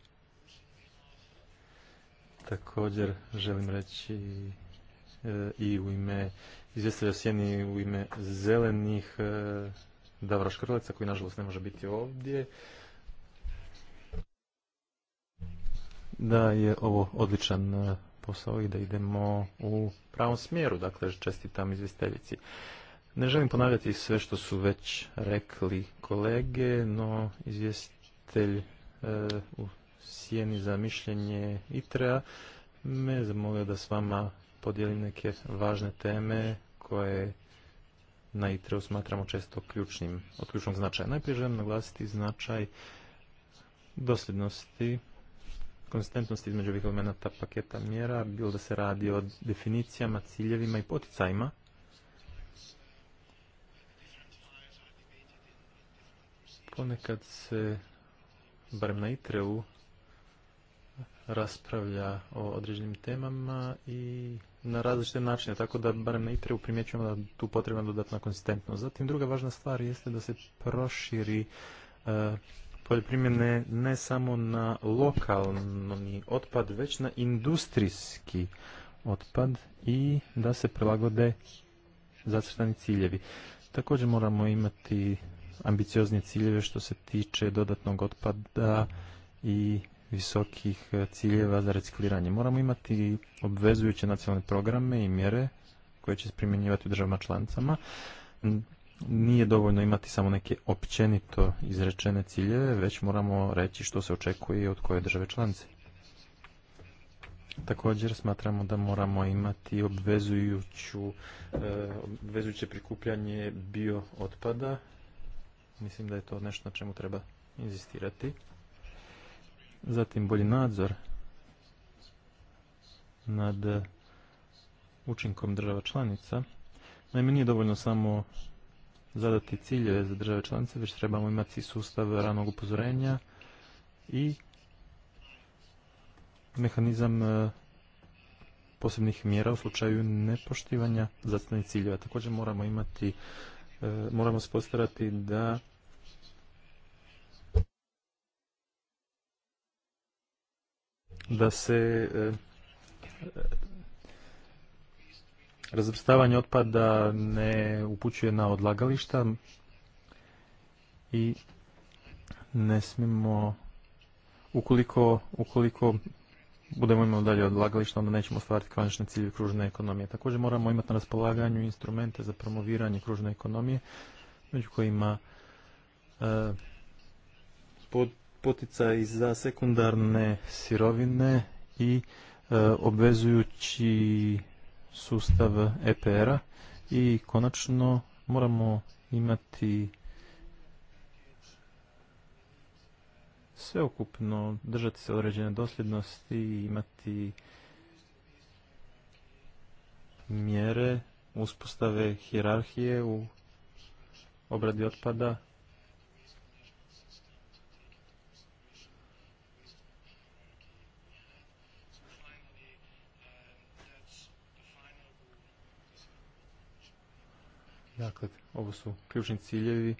Također želim reći e, i u ime izvjestelja Sjeni u ime zelenih e, Davora koji nažalost ne može biti ovdje. Da je ovo odličan posao i da idemo u pravom smjeru. Dakle, čestitam izvjestiteljici. Ne želim ponavljati sve što su već rekli kolege, no izvjestitelj e, u sjeni za mišljenje ITREA me zamolio da s vama podijelim neke važne teme koje na ITREU smatramo često ključnim, od ključnog značaja. Najprije želim naglasiti značaj dosljednosti konzistentnosti između ovih elemenata paketa mjera, bilo da se radi o definicijama, ciljevima i poticajima. Ponekad se, barem na itre raspravlja o određenim temama i na različite načine, tako da barem na ITRE-u primjećujemo da tu potrebna dodatna konzistentnost. Zatim druga važna stvar jeste da se proširi e, polje primjene ne samo na lokalni otpad, već na industrijski otpad i da se prilagode zacrtani ciljevi. Također moramo imati ambiciozne ciljeve što se tiče dodatnog otpada i visokih ciljeva za recikliranje. Moramo imati obvezujuće nacionalne programe i mjere koje će se primjenjivati u državama članicama nije dovoljno imati samo neke općenito izrečene ciljeve, već moramo reći što se očekuje od koje države članice. Također smatramo da moramo imati obvezujuću, e, obvezujuće prikupljanje bio otpada. Mislim da je to nešto na čemu treba inzistirati. Zatim bolji nadzor nad učinkom država članica. Naime, nije dovoljno samo zadati ciljeve za države članice, već trebamo imati sustav ranog upozorenja i mehanizam e, posebnih mjera u slučaju nepoštivanja zacrtanih ciljeva. Također moramo imati, e, moramo se postarati da da se e, razvrstavanje otpada ne upućuje na odlagališta i ne smijemo ukoliko, ukoliko budemo imali dalje odlagališta, onda nećemo stvariti konačne cilje kružne ekonomije. Također moramo imati na raspolaganju instrumente za promoviranje kružne ekonomije, među kojima e, poticaj za sekundarne sirovine i e, obvezujući sustav EPR-a i konačno moramo imati sveukupno držati se određene dosljednosti i imati mjere uspostave hijerarhije u obradi otpada Dakle, ovo su ključni ciljevi.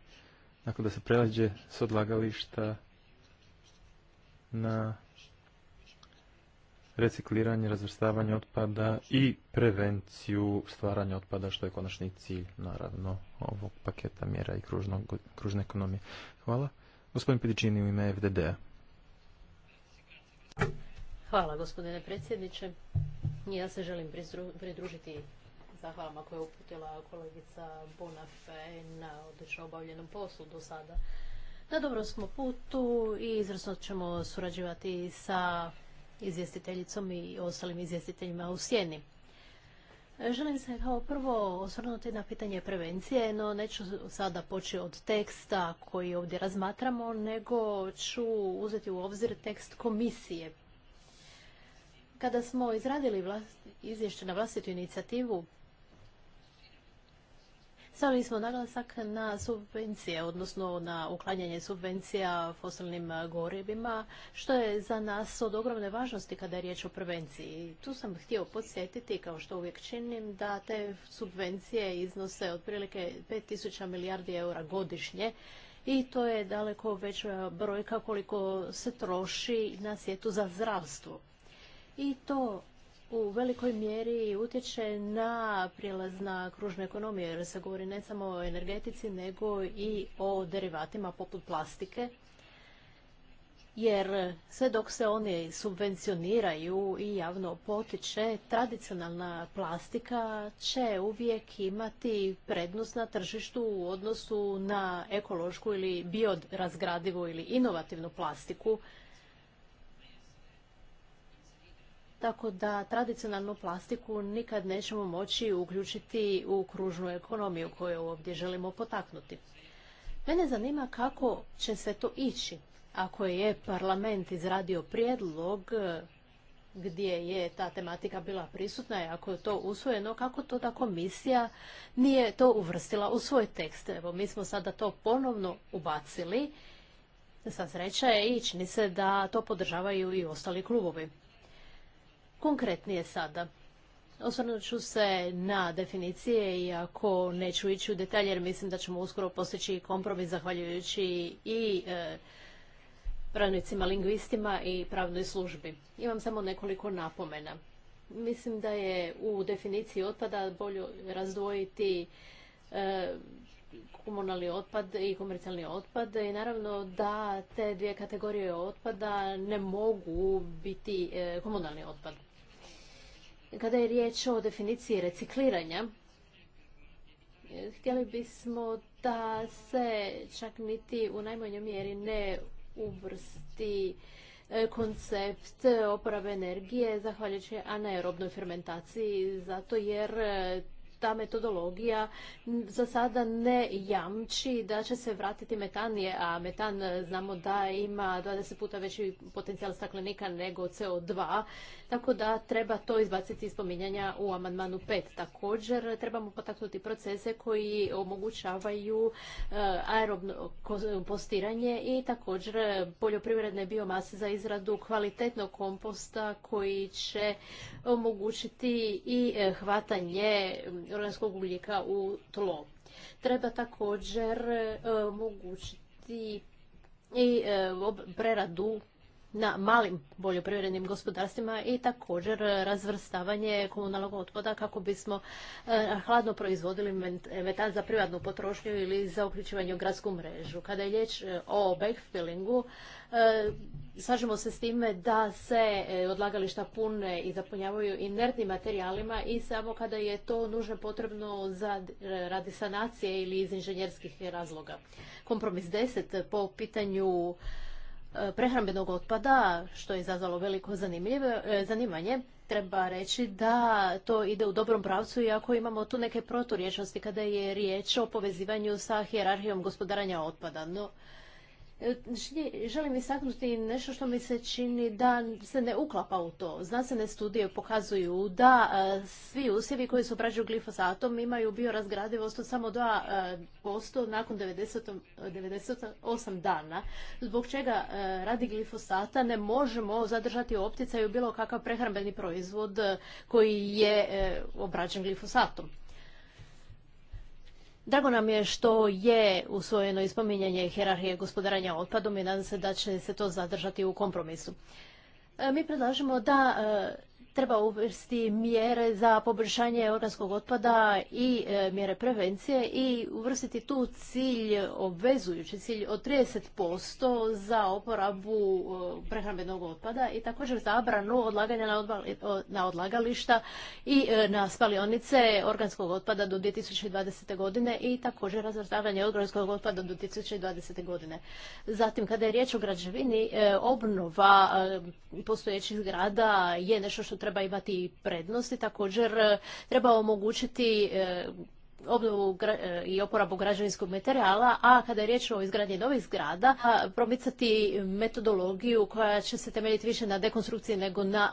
Dakle, da se prelađe s odlagališta na recikliranje, razvrstavanje otpada i prevenciju stvaranja otpada, što je konačni cilj, naravno, ovog paketa mjera i kružnog, kružne ekonomije. Hvala. Gospodin Pedičini u ime FDD-a. Hvala, gospodine predsjedniče. Ja se želim pridružiti zahvalama koje je uputila kolegica Bonafe na odlično obavljenom poslu do sada. Na dobrom smo putu i izvrsno ćemo surađivati sa izvjestiteljicom i ostalim izvjestiteljima u sjeni. Želim se kao prvo osvrnuti na pitanje prevencije, no neću sada poći od teksta koji ovdje razmatramo, nego ću uzeti u obzir tekst komisije. Kada smo izradili izvješće na vlastitu inicijativu, Stavili smo naglasak na subvencije, odnosno na uklanjanje subvencija fosilnim eh, gorivima, što je za nas od ogromne važnosti kada je riječ o prevenciji. Tu sam htio podsjetiti, kao što uvijek činim, da te subvencije iznose otprilike 5000 milijardi eura godišnje, i to je daleko veća brojka koliko se troši na svijetu za zdravstvo. I to u velikoj mjeri utječe na prijelaz na kružnu ekonomiju, jer se govori ne samo o energetici, nego i o derivatima poput plastike. Jer sve dok se oni subvencioniraju i javno potiče, tradicionalna plastika će uvijek imati prednost na tržištu u odnosu na ekološku ili biorazgradivu ili inovativnu plastiku, tako da tradicionalnu plastiku nikad nećemo moći uključiti u kružnu ekonomiju koju ovdje želimo potaknuti. Mene zanima kako će se to ići. Ako je parlament izradio prijedlog e, gdje je ta tematika bila prisutna i ako je to usvojeno, kako to da komisija nije to uvrstila u svoj tekst. Evo, mi smo sada to ponovno ubacili, sa sreća i čini se da to podržavaju i ostali klubovi konkretnije sada. Osvrnut ću se na definicije, iako neću ići u detalje, jer mislim da ćemo uskoro postići kompromis zahvaljujući i e, pravnicima, lingvistima i pravnoj službi. Imam samo nekoliko napomena. Mislim da je u definiciji otpada bolje razdvojiti e, komunalni otpad i komercijalni otpad i naravno da te dvije kategorije otpada ne mogu biti e, komunalni otpad. Kada je riječ o definiciji recikliranja, htjeli bismo da se čak niti u najmanjoj mjeri ne uvrsti e, koncept oporave energije zahvaljujući anaerobnoj fermentaciji, zato jer e, ta metodologija za sada ne jamči da će se vratiti metanije. a metan e, znamo da ima 20 puta veći potencijal staklenika nego CO2 tako da treba to izbaciti iz spominjanja u amandmanu 5. Također trebamo potaknuti procese koji omogućavaju eh, aerobno postiranje i također poljoprivredne biomase za izradu kvalitetnog komposta koji će omogućiti i eh, hvatanje organskog ugljika u tlo. Treba također eh, omogućiti i preradu na malim poljoprivrednim gospodarstvima i također razvrstavanje komunalnog otpada kako bismo e, hladno proizvodili metan za privatnu potrošnju ili za uključivanje u gradsku mrežu. Kada je riječ e, o backfillingu, e, slažemo se s time da se odlagališta pune i zapunjavaju inertnim materijalima i samo kada je to nužno potrebno za radi sanacije ili iz inženjerskih razloga. Kompromis 10 po pitanju E, prehrambenog otpada, što je izazvalo veliko e, zanimanje, treba reći da to ide u dobrom pravcu iako imamo tu neke proturječnosti kada je riječ o povezivanju sa hjerarhijom gospodaranja otpada. No, Želim istaknuti nešto što mi se čini da se ne uklapa u to. Znanstvene studije pokazuju da e, svi usjevi koji se obrađuju glifosatom imaju biorazgradivost od samo 2% e, nakon 98 dana. Zbog čega e, radi glifosata ne možemo zadržati opticaju bilo kakav prehrambeni proizvod koji je obrađen glifosatom. Drago nam je što je usvojeno ispominjanje hjerarhije gospodaranja otpadom i nadam se da će se to zadržati u kompromisu. E, mi predlažemo da e, treba uvrsti mjere za poboljšanje organskog otpada i e, mjere prevencije i uvrstiti tu cilj, obvezujući cilj od 30% za oporabu e, prehrambenog otpada i također zabranu odlaganja na, e, odlagališta i na spalionice organskog otpada do 2020. godine i također razvrstavanje organskog otpada do 2020. godine. Zatim, kada je riječ o građevini, obnova postojećih zgrada je nešto što treba imati i prednosti. Također e, treba omogućiti e, obnovu e, i oporabu građevinskog materijala, a kada je riječ o izgradnji novih zgrada, promicati metodologiju koja će se temeljiti više na dekonstrukciji nego na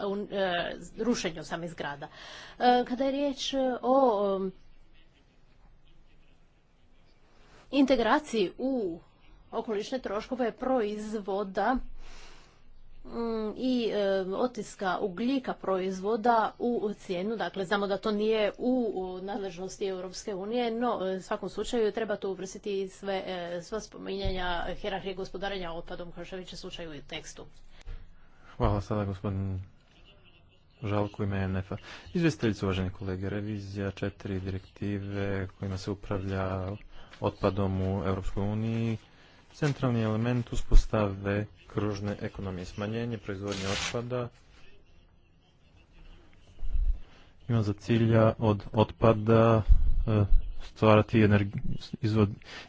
rušenju samih zgrada. Kada je riječ o integraciji u okolišne troškove proizvoda, Mm, i e, otiska ugljika proizvoda u cijenu. Dakle, znamo da to nije u nadležnosti Europske unije, no e, u svakom slučaju treba to uvrstiti sve, e, sva spominjanja hierarhije gospodarenja otpadom, kao što je slučaj u tekstu. Hvala sada gospodin Žalko ime NF-a. uvaženi kolege, revizija četiri direktive kojima se upravlja otpadom u Europskoj uniji. Centralni element uspostave kružne ekonomije. Smanjenje proizvodnje otpada ima za cilja od otpada e, stvarati energi,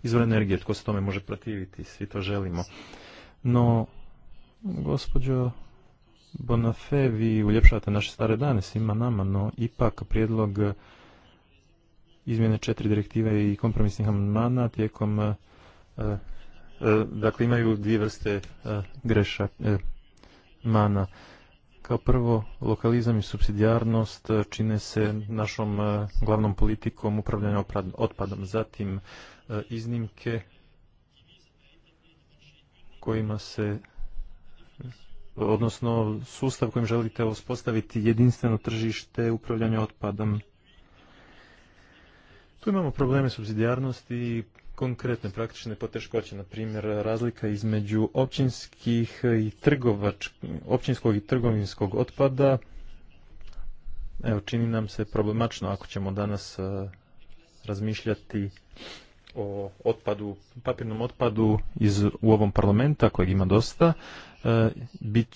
izvor energije. Tko se tome može protiviti? Svi to želimo. No, gospođo Bonafe, vi uljepšavate naše stare dane svima nama, no ipak prijedlog izmjene četiri direktive i kompromisnih amandmana tijekom e, E, dakle imaju dvije vrste e, greša, e, mana. Kao prvo, lokalizam i subsidijarnost čine se našom glavnom politikom upravljanja otpadom. Zatim, iznimke kojima se odnosno sustav kojim želite uspostaviti jedinstveno tržište upravljanja otpadom. Tu imamo probleme subsidijarnosti i konkretne praktične poteškoće, na primjer razlika između općinskih i trgovač, općinskog i trgovinskog otpada. Evo, čini nam se problematično ako ćemo danas e, razmišljati o otpadu, papirnom otpadu iz, u ovom parlamenta, kojeg ima dosta, e, bit,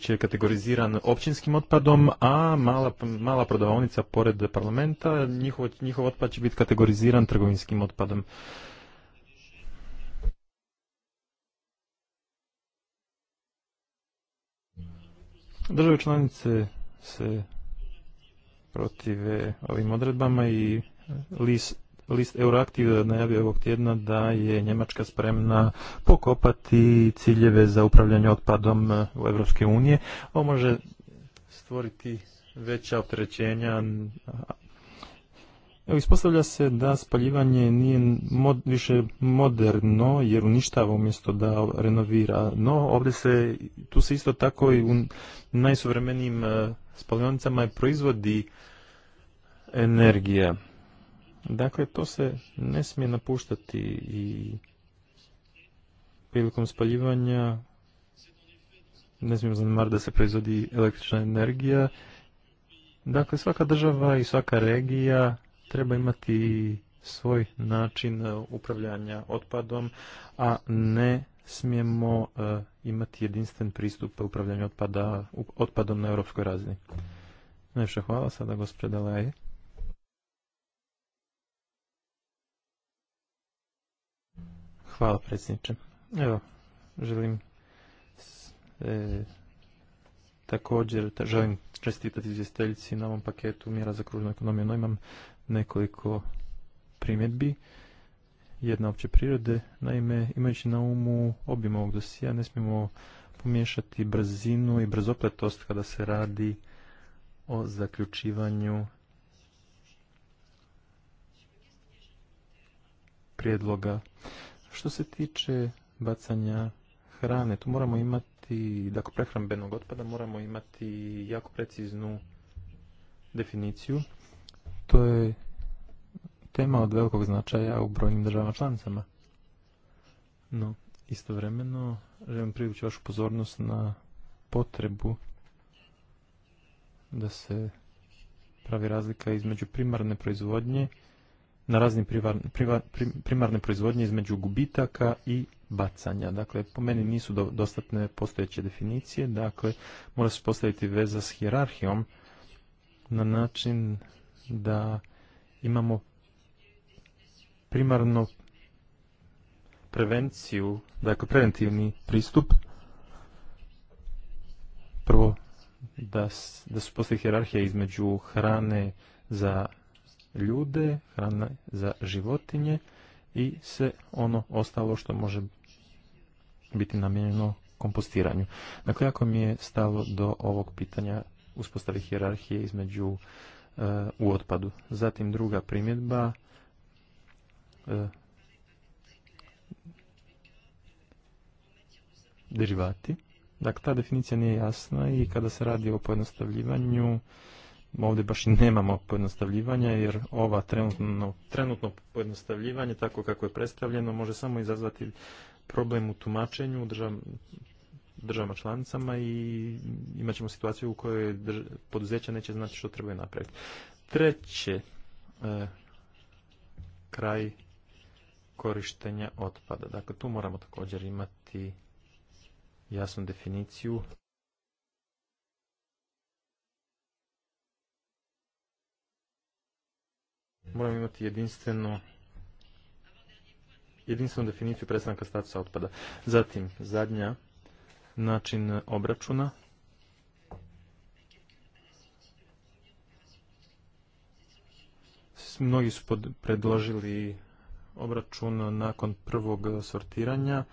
će, kategoriziran općinskim otpadom, a mala, mala prodavaonica pored parlamenta, njihov, njihov otpad će biti kategoriziran trgovinskim otpadom. Države članice se protive ovim odredbama i list list Euroaktiv najavio ovog tjedna da je Njemačka spremna pokopati ciljeve za upravljanje otpadom u Europske unije. Ovo može stvoriti veća opterećenja Evo, ispostavlja se da spaljivanje nije mod, više moderno jer uništava umjesto da renovira. No, ovdje se, tu se isto tako i u najsuvremenijim e, spalionicama proizvodi energija. Dakle, to se ne smije napuštati i prilikom spaljivanja ne smijemo zanimati da se proizvodi električna energija. Dakle, svaka država i svaka regija treba imati svoj način e, upravljanja otpadom, a ne smijemo e, imati jedinstven pristup upravljanju otpadom na europskoj razini. Najviše hvala sada gospođa Hvala predsjedniče. Evo, želim e, Također želim čestitati izvjestiteljici na ovom paketu mjera za kružnu ekonomiju, no imam nekoliko primjedbi jedna opće prirode. Naime, imajući na umu obim ovog dosija, ne smijemo pomiješati brzinu i brzopletost kada se radi o zaključivanju prijedloga. Što se tiče bacanja hrane, tu moramo imati da dakle, prehrambenog otpada moramo imati jako preciznu definiciju. To je tema od velikog značaja u brojnim državama članicama. No, istovremeno želim privući vašu pozornost na potrebu da se pravi razlika između primarne proizvodnje na razini privar, primarne proizvodnje između gubitaka i bacanja. Dakle, po meni nisu do, dostatne postojeće definicije, dakle, mora se postaviti veza s hierarhijom na način da imamo primarno prevenciju, dakle preventivni pristup. Prvo, da, da su postoji hjerarhija između hrane za ljude, hrana za životinje i sve ono ostalo što može biti namijenjeno kompostiranju. Dakle, jako mi je stalo do ovog pitanja uspostavi hijerarhije između e, u otpadu. Zatim druga primjedba e, derivati. Dakle, ta definicija nije jasna i kada se radi o pojednostavljivanju ovdje baš nemamo pojednostavljivanja jer ova trenutno, trenutno pojednostavljivanje tako kako je predstavljeno može samo izazvati problem u tumačenju državama članicama i imat ćemo situaciju u kojoj poduzeća neće znati što trebaju napraviti. Treće, e, kraj korištenja otpada. Dakle, tu moramo također imati jasnu definiciju moramo imati jedinstveno jedinstvenu definiciju prestanka statusa otpada. Zatim, zadnja, način obračuna. Mnogi su predložili obračun nakon prvog sortiranja,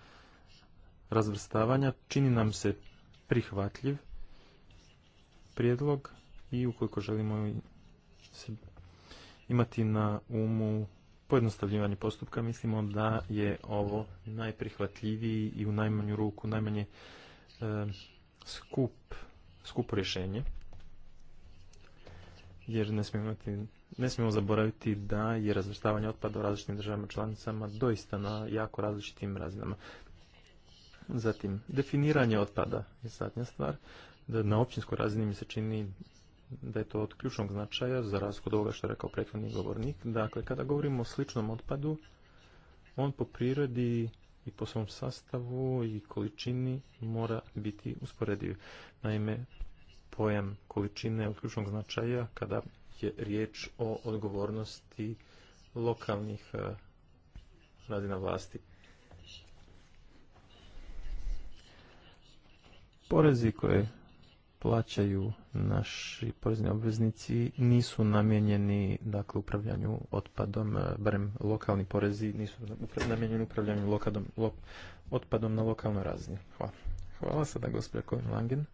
razvrstavanja. Čini nam se prihvatljiv prijedlog i ukoliko želimo se imati na umu pojednostavljivanje postupka, mislimo da je ovo najprihvatljiviji i u najmanju ruku, najmanje e, skup, skupo rješenje. Jer ne smijemo, zaboraviti da je razvrstavanje otpada u različitim državama članicama doista na jako različitim razinama. Zatim, definiranje otpada je zadnja stvar. na općinskoj razini mi se čini da je to od ključnog značaja, za razliku od ovoga što je rekao prethodni govornik. Dakle, kada govorimo o sličnom otpadu, on po prirodi i po svom sastavu i količini mora biti usporediv. Naime, pojam količine od ključnog značaja kada je riječ o odgovornosti lokalnih e, razina vlasti. Porezi koje plaćaju naši porezni obveznici nisu namijenjeni dakle upravljanju otpadom, e, barem lokalni porezi nisu namijenjeni upravljanju lokadom, otpadom na lokalnoj razini. Hvala. Hvala sada gospođa Kovin Langen.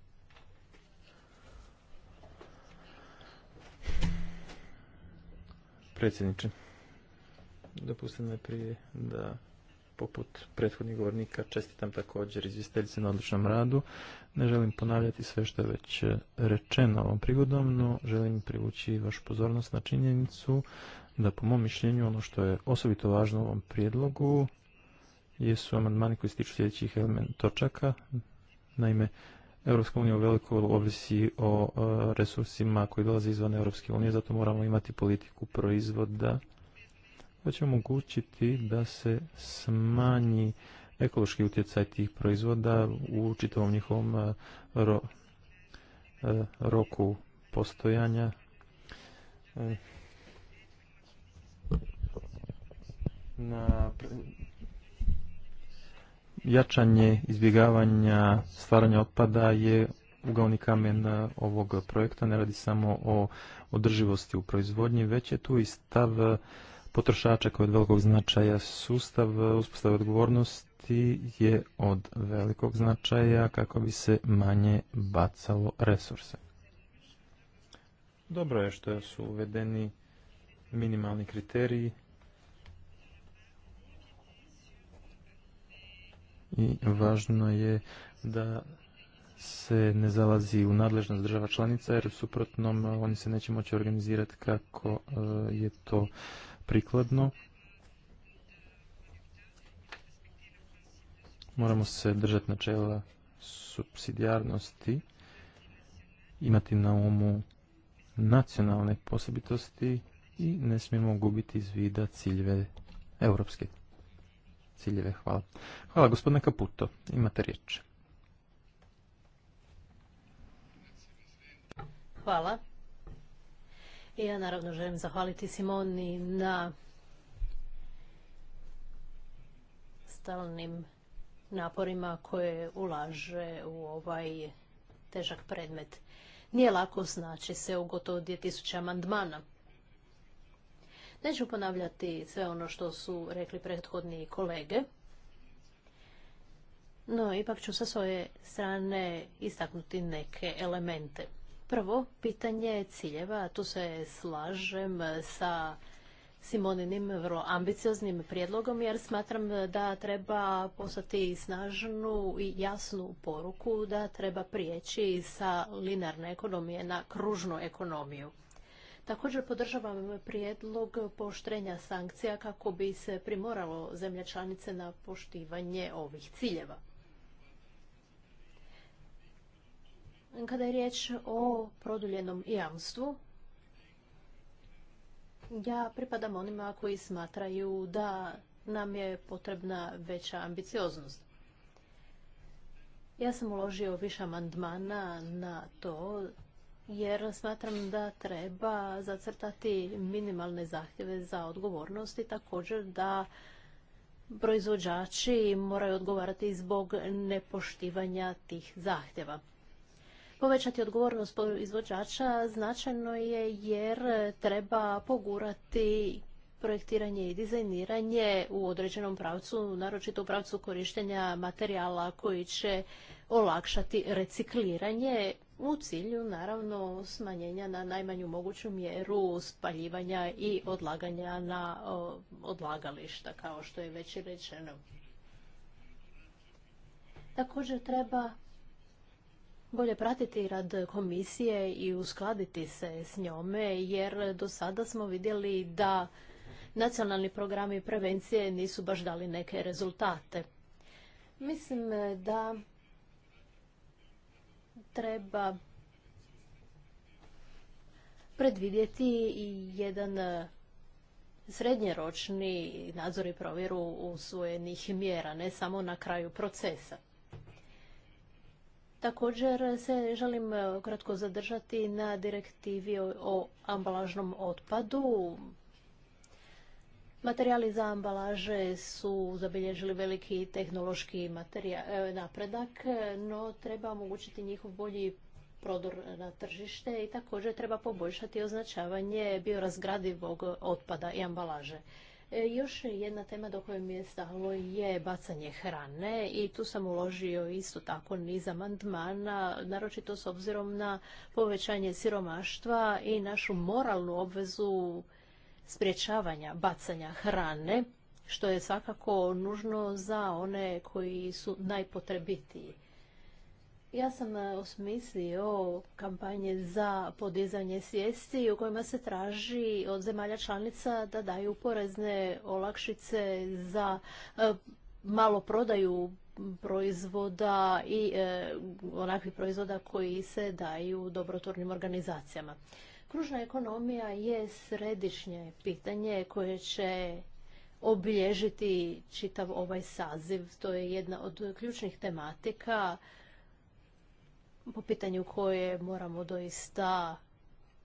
Predsjedniče, dopustite najprije da poput prethodnih govornika čestitam također izvjestiteljice na odličnom radu. Ne želim ponavljati sve što je već e, rečeno ovom prigodom, no želim privući vašu pozornost na činjenicu da po mom mišljenju ono što je osobito važno u ovom prijedlogu jesu amandmani koji se tiču sljedećih element točaka. Naime, EU unija u veliko ovisi o e, resursima koji dolaze izvan Europske unije, zato moramo imati politiku proizvoda to će omogućiti da se smanji ekološki utjecaj tih proizvoda u čitavom njihovom eh, eh, roku postojanja. Eh, na jačanje izbjegavanja stvaranja otpada je ugaoni kamen ovog projekta. Ne radi samo o održivosti u proizvodnji, već je tu i stav potrošača koji je od velikog značaja sustav uspostave odgovornosti je od velikog značaja kako bi se manje bacalo resurse. Dobro je što su uvedeni minimalni kriteriji i važno je da se ne zalazi u nadležnost država članica jer suprotnom oni se neće moći organizirati kako e, je to prikladno. Moramo se držati načela subsidijarnosti, imati na umu nacionalne posebitosti i ne smijemo gubiti iz vida ciljeve europske ciljeve. Hvala. Hvala gospodine Kaputo. Imate riječ. Hvala ja naravno želim zahvaliti Simoni na stalnim naporima koje ulaže u ovaj težak predmet. Nije lako znači se u gotovo 2000 amandmana. Neću ponavljati sve ono što su rekli prethodni kolege, no ipak ću sa svoje strane istaknuti neke elemente. Prvo, pitanje ciljeva, tu se slažem sa Simoninim vrlo ambicioznim prijedlogom jer smatram da treba poslati snažnu i jasnu poruku da treba prijeći sa linarne ekonomije na kružnu ekonomiju. Također podržavam prijedlog poštrenja sankcija kako bi se primoralo zemlje članice na poštivanje ovih ciljeva. Kada je riječ o produljenom jamstvu, ja pripadam onima koji smatraju da nam je potrebna veća ambicioznost. Ja sam uložio više amandmana na to jer smatram da treba zacrtati minimalne zahtjeve za odgovornost i također da proizvođači moraju odgovarati zbog nepoštivanja tih zahtjeva. Povećati odgovornost izvođača značajno je jer treba pogurati projektiranje i dizajniranje u određenom pravcu, naročito u pravcu korištenja materijala koji će olakšati recikliranje u cilju naravno smanjenja na najmanju moguću mjeru spaljivanja i odlaganja na odlagališta kao što je već i rečeno. Također treba bolje pratiti rad komisije i uskladiti se s njome, jer do sada smo vidjeli da nacionalni programi prevencije nisu baš dali neke rezultate. Mislim eh, da treba predvidjeti i jedan eh, srednjeročni nadzor i provjeru usvojenih mjera, ne samo na kraju procesa. Također se želim e, kratko zadržati na direktivi o ambalažnom otpadu. Materijali za ambalaže su zabilježili veliki tehnološki e, napredak, e, no treba omogućiti njihov bolji prodor na tržište i također treba poboljšati označavanje biorazgradivog otpada i ambalaže. E, još jedna tema do koje mi je stalo je bacanje hrane i tu sam uložio isto tako niz amandmana, naročito s obzirom na povećanje siromaštva i našu moralnu obvezu sprječavanja bacanja hrane, što je svakako nužno za one koji su najpotrebitiji. Ja sam e, osmislio kampanje za podizanje svijesti u kojima se traži od zemalja članica da daju porezne olakšice za e, malo prodaju proizvoda i e, onakvih proizvoda koji se daju dobrotvornim organizacijama. Kružna ekonomija je središnje pitanje koje će obilježiti čitav ovaj saziv. To je jedna od ključnih tematika po pitanju koje moramo doista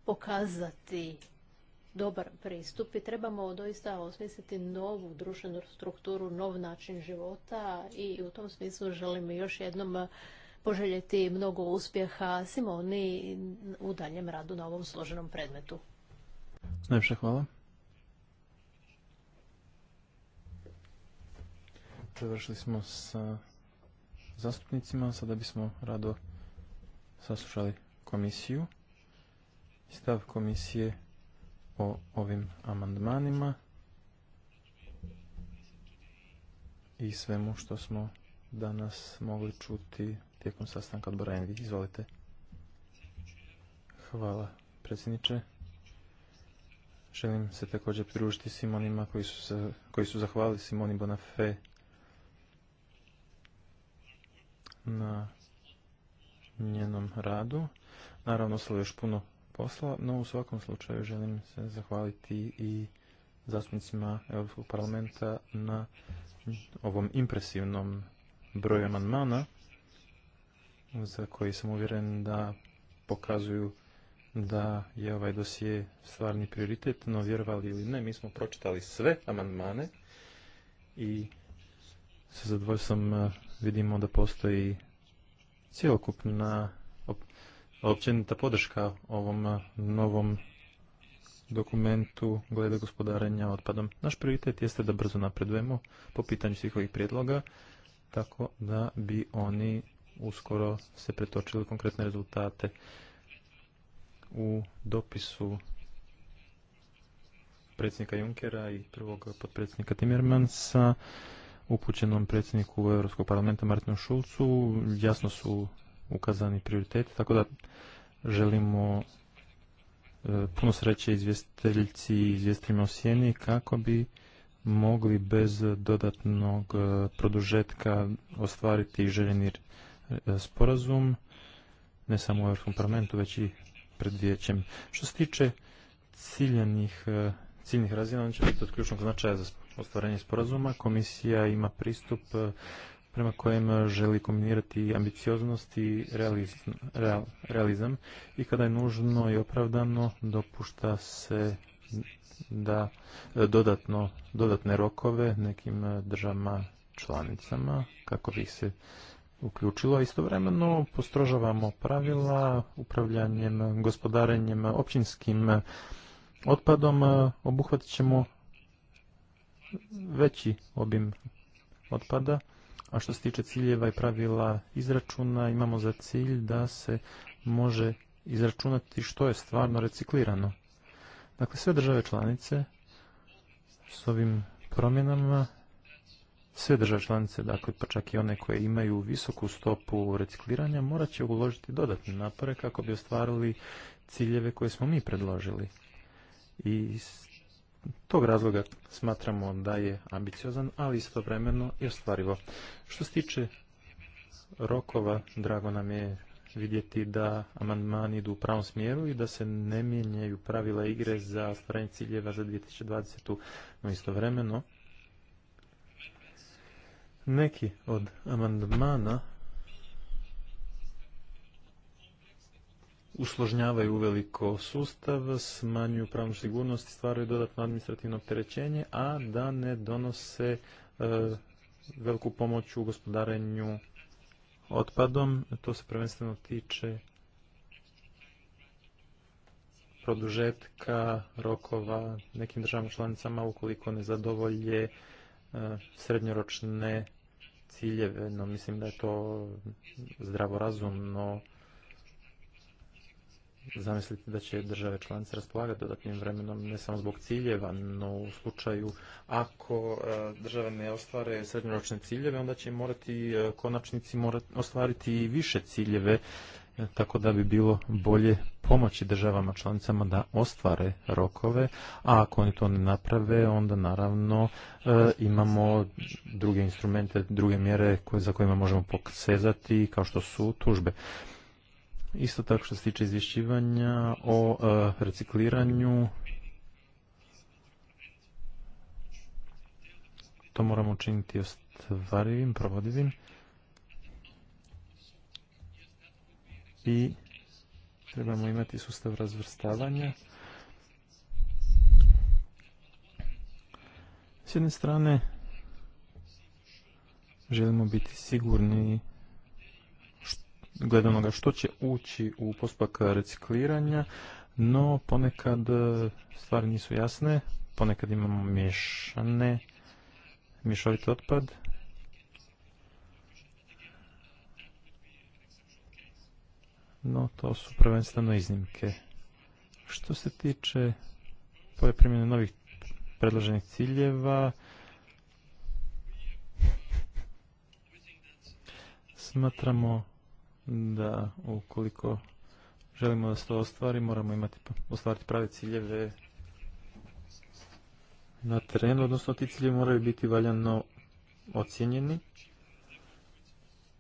pokazati dobar pristup i trebamo doista osmisliti novu društvenu strukturu, nov način života i u tom smislu želim još jednom poželjeti mnogo uspjeha Simoni u daljem radu na ovom složenom predmetu. hvala. Završili smo sa zastupnicima, sada bismo rado saslušali komisiju, stav komisije o ovim amandmanima i svemu što smo danas mogli čuti tijekom sastanka odbora Envi. Izvolite. Hvala predsjedniče. Želim se također pridružiti svim onima koji su, se, koji su zahvalili Simoni Bonafé na njenom radu. Naravno, ostalo još puno posla, no u svakom slučaju želim se zahvaliti i zastupnicima Europskog parlamenta na ovom impresivnom broju amandmana za koji sam uvjeren da pokazuju da je ovaj dosije stvarni prioritet, no vjerovali ili ne, mi smo pročitali sve amandmane i sa zadovoljstvom eh, vidimo da postoji cjelokupna općenita podrška ovom eh, novom dokumentu glede gospodarenja otpadom. Naš prioritet jeste da brzo napredujemo po pitanju svih ovih prijedloga, tako da bi oni uskoro se pretočili konkretne rezultate. U dopisu predsjednika Junkera i prvog potpredsjednika Timmermansa upućenom predsjedniku Europskog parlamenta Martinu Šulcu. Jasno su ukazani prioriteti, tako da želimo e, puno sreće izvjestiteljci i izvjestiteljima u Sjeni kako bi mogli bez dodatnog e, produžetka ostvariti željeni e, sporazum, ne samo u Europskom parlamentu, već i pred vijećem. Što se tiče ciljenih, ciljnih razina, on će biti od ključnog značaja za ostvarenje sporazuma. Komisija ima pristup e, prema kojem želi kombinirati ambicioznost i realizam, i kada je nužno i opravdano dopušta se da e, dodatno, dodatne rokove nekim e, državama članicama kako bi se uključilo. Istovremeno postrožavamo pravila upravljanjem, gospodarenjem općinskim otpadom. Obuhvatit ćemo veći obim otpada. A što se tiče ciljeva i pravila izračuna, imamo za cilj da se može izračunati što je stvarno reciklirano. Dakle, sve države članice s ovim promjenama, sve države članice, dakle, pa čak i one koje imaju visoku stopu recikliranja, morat će uložiti dodatne napore kako bi ostvarili ciljeve koje smo mi predložili. I s tog razloga smatramo da je ambiciozan, ali istovremeno i ostvarivo. Što se tiče rokova, drago nam je vidjeti da amandmani idu u pravom smjeru i da se ne mijenjaju pravila igre za stvaranje ciljeva za 2020. No istovremeno, neki od amandmana usložnjavaju uveliko sustav, smanjuju pravnu sigurnost i stvaraju dodatno administrativno opterećenje, a da ne donose e, veliku pomoć u gospodarenju otpadom. To se prvenstveno tiče produžetka rokova nekim državama članicama ukoliko ne zadovolje e, srednjoročne ciljeve. No, mislim da je to zdravorazumno zamisliti da će države članice raspolagati dodatnim vremenom, ne samo zbog ciljeva, no u slučaju ako e, države ne ostvare srednjoročne ciljeve, onda će morati e, konačnici morati ostvariti i više ciljeve, e, tako da bi bilo bolje pomoći državama članicama da ostvare rokove, a ako oni to ne naprave, onda naravno imamo druge instrumente, druge mjere za kojima možemo posezati, kao što su tužbe. Isto tako što se tiče izvješćivanja o e, recikliranju, to moramo učiniti ostvarivim, provodivim. I trebamo imati sustav razvrstavanja. S jedne strane, želimo biti sigurni glede onoga što će ući u postupak recikliranja, no ponekad e, stvari nisu jasne, ponekad imamo mješane, mješoviti otpad. No, to su prvenstveno iznimke. Što se tiče pove primjene novih predloženih ciljeva, smatramo da ukoliko želimo da se to ostvari, moramo imati, ostvariti prave ciljeve na terenu, odnosno ti ciljevi moraju biti valjano ocijenjeni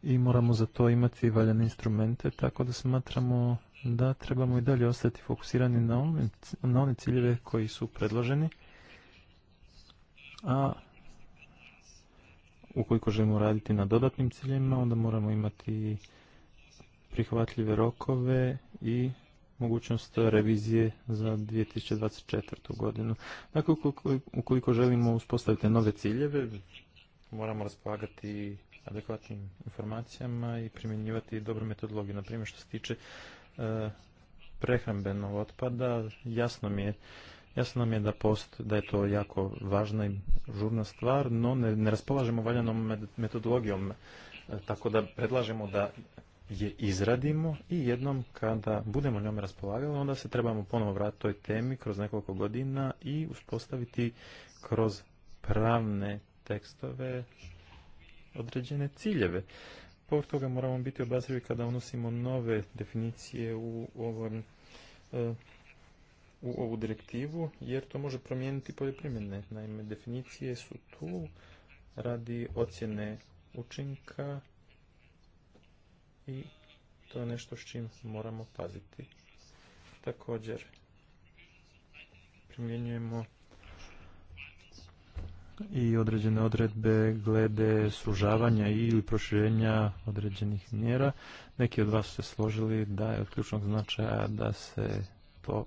i moramo za to imati valjane instrumente, tako da smatramo da trebamo i dalje ostati fokusirani na one, na ciljeve koji su predloženi, a ukoliko želimo raditi na dodatnim ciljevima, onda moramo imati prihvatljive rokove i mogućnost revizije za 2024. godinu. Dakle, ukoliko želimo uspostaviti nove ciljeve, moramo raspolagati adekvatnim informacijama i primjenjivati dobru metodologiju. Naprimjer, što se tiče e, prehrambenog otpada, jasno mi je Jasno nam je da, post, da je to jako važna i žurna stvar, no ne, ne raspolažemo valjanom metodologijom, e, tako da predlažemo da je izradimo i jednom kada budemo njome raspolagali, onda se trebamo ponovo vratiti toj temi kroz nekoliko godina i uspostaviti kroz pravne tekstove određene ciljeve. Pored toga moramo biti obazrivi kada unosimo nove definicije u ovom e, u ovu direktivu, jer to može promijeniti poljoprimjene. Naime, definicije su tu radi ocjene učinka i to je nešto s čim moramo paziti. Također primjenjujemo i određene odredbe glede sužavanja ili proširenja određenih mjera. Neki od vas su se složili da je od ključnog značaja da se to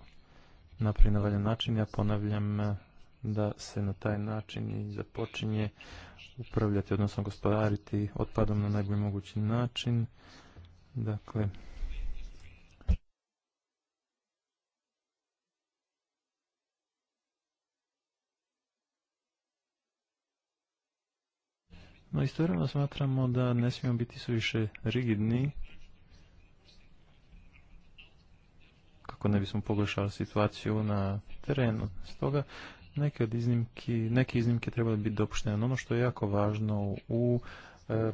napravi na valjan način. Ja ponavljam da se na taj način i započinje upravljati, odnosno gospodariti otpadom na najbolji mogući način Dakle, No istorijalno smatramo da ne smijemo biti više rigidni kako ne bismo pogoršali situaciju na terenu. Stoga neke od iznimki, neke iznimke trebaju biti dopuštene. Ono što je jako važno u e,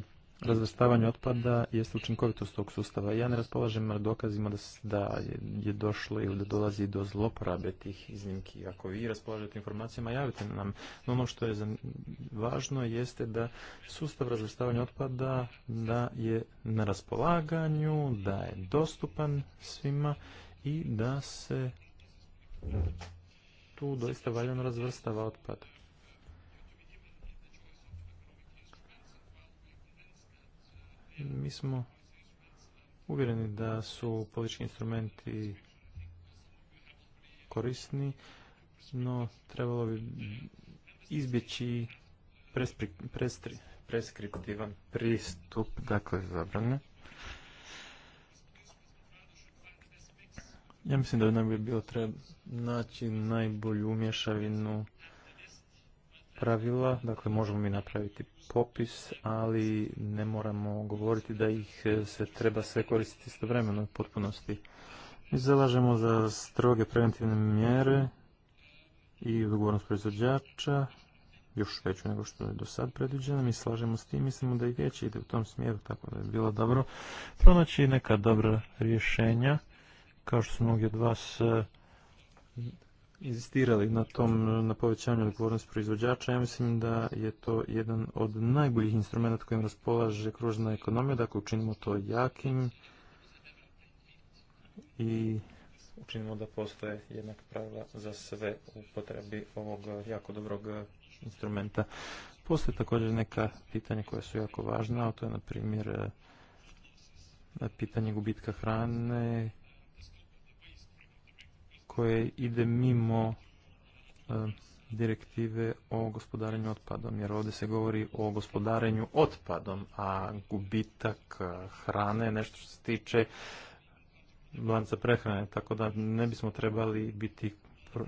razvrstavanje otpada jeste učinkovitost tog sustava. Ja ne raspolažem dokazima da, da je došlo ili da dolazi do zloporabe tih iznimki. Ako vi raspolažete informacijama, javite nam. No ono što je važno jeste da sustav razvrstavanja otpada da je na raspolaganju, da je dostupan svima i da se tu doista valjano razvrstava otpad. Mi smo uvjereni da su politički instrumenti korisni, no trebalo bi izbjeći prespri, preskriptivan pristup, dakle zabrane. Ja mislim da bi nam bi bilo treba naći najbolju umješavinu dakle možemo mi napraviti popis, ali ne moramo govoriti da ih e, se treba sve koristiti istovremeno u potpunosti. Mi zalažemo za stroge preventivne mjere i odgovornost proizvođača, još veću nego što je do sad predviđeno. Mi slažemo s tim, mislimo da i vijeće ide u tom smjeru, tako da je bilo dobro pronaći neka dobra rješenja, kao što su mnogi od vas e, inzistirali na tom, na povećanju odgovornosti proizvođača. Ja mislim da je to jedan od najboljih instrumenta kojim raspolaže kružna ekonomija, dakle učinimo to jakim i učinimo da postoje jednak pravila za sve u potrebi ovog jako dobrog instrumenta. Postoje također neka pitanja koja su jako važna, a to je na primjer pitanje gubitka hrane, koje ide mimo e, direktive o gospodarenju otpadom, jer ovdje se govori o gospodarenju otpadom, a gubitak e, hrane, nešto što se tiče lanca prehrane, tako da ne bismo trebali biti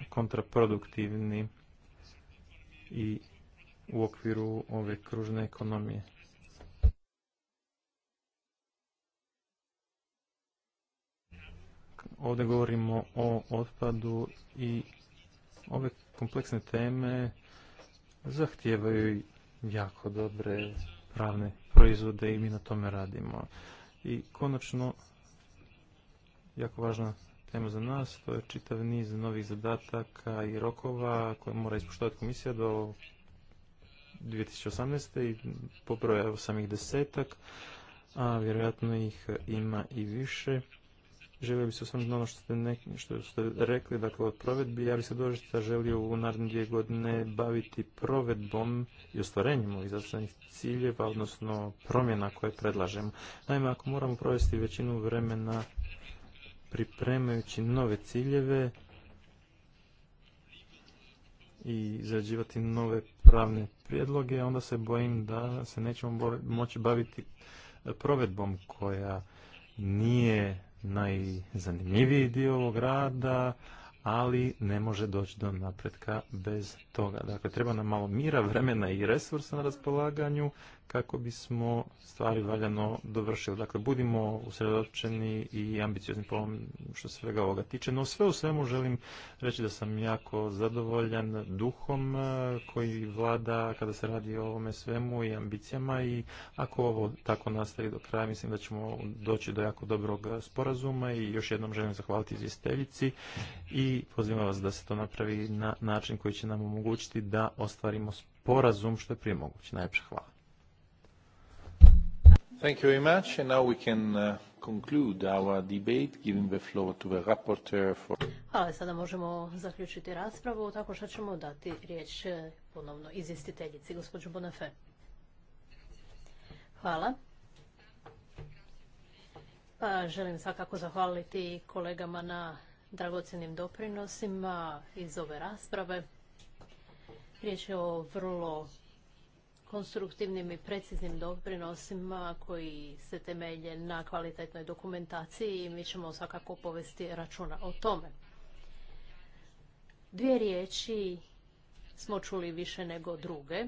kontraproduktivni i u okviru ove kružne ekonomije. ovdje govorimo o otpadu i ove kompleksne teme zahtijevaju jako dobre pravne proizvode i mi na tome radimo. I konačno, jako važna tema za nas, to je čitav niz novih zadataka i rokova koje mora ispoštovati komisija do 2018. i pobrojao sam samih desetak, a vjerojatno ih ima i više želio bi se osvrnuti ono što ste, što ste rekli, dakle, o provedbi. Ja bi se da želio u naredne dvije godine baviti provedbom i ostvarenjem ovih zastavnih ciljeva, odnosno promjena koje predlažemo. Naime, ako moramo provesti većinu vremena pripremajući nove ciljeve i izrađivati nove pravne prijedloge, onda se bojim da se nećemo moći baviti provedbom koja nije najzanimljiviji dio ovog rada, ali ne može doći do napretka bez toga. Dakle, treba nam malo mira, vremena i resursa na raspolaganju kako bismo stvari valjano dovršili. Dakle, budimo usredočeni i ambiciozni po ovom što se svega ovoga tiče, no sve u svemu želim reći da sam jako zadovoljan duhom eh, koji vlada kada se radi o ovome svemu i ambicijama i ako ovo tako nastavi do kraja, mislim da ćemo doći do jako dobrog sporazuma i još jednom želim zahvaliti izvjestiteljici i pozivam vas da se to napravi na način koji će nam omogućiti da ostvarimo sporazum što je prije moguće. hvala. Thank you very much. now we can uh, conclude our debate, giving the floor to the rapporteur for... Hvala, sada možemo zaključiti raspravu, tako što ćemo dati riječ e, ponovno izvjestiteljici, gospođu Bonafé. Hvala. Pa želim svakako zahvaliti kolegama na dragocenim doprinosima iz ove rasprave. Riječ je o vrlo konstruktivnim i preciznim doprinosima koji se temelje na kvalitetnoj dokumentaciji i mi ćemo svakako povesti računa o tome. Dvije riječi smo čuli više nego druge.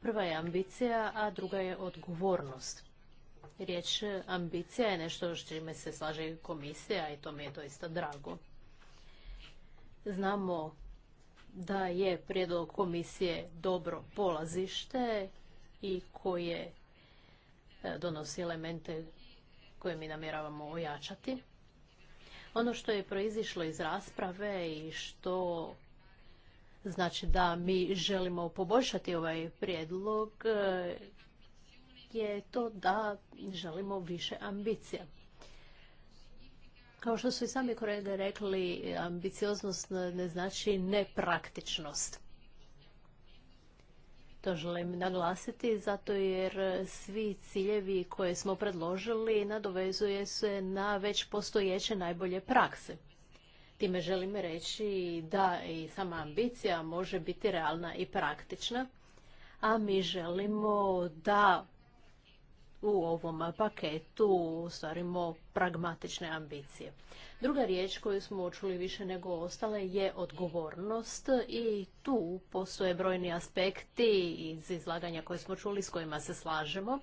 Prva je ambicija, a druga je odgovornost. Riječ ambicija je nešto s čime se slaže komisija i to mi je doista drago. Znamo da je prijedlog komisije dobro polazište i koje e, donosi elemente koje mi namjeravamo ojačati. Ono što je proizišlo iz rasprave i što znači da mi želimo poboljšati ovaj prijedlog e, je to da želimo više ambicija. Kao što su i sami kolege rekli, ambicioznost ne znači nepraktičnost. To želim naglasiti zato jer svi ciljevi koje smo predložili nadovezuje se na već postojeće najbolje prakse. Time želim reći da i sama ambicija može biti realna i praktična, a mi želimo da u ovom paketu stvarimo pragmatične ambicije. Druga riječ koju smo čuli više nego ostale je odgovornost i tu postoje brojni aspekti iz izlaganja koje smo čuli s kojima se slažemo.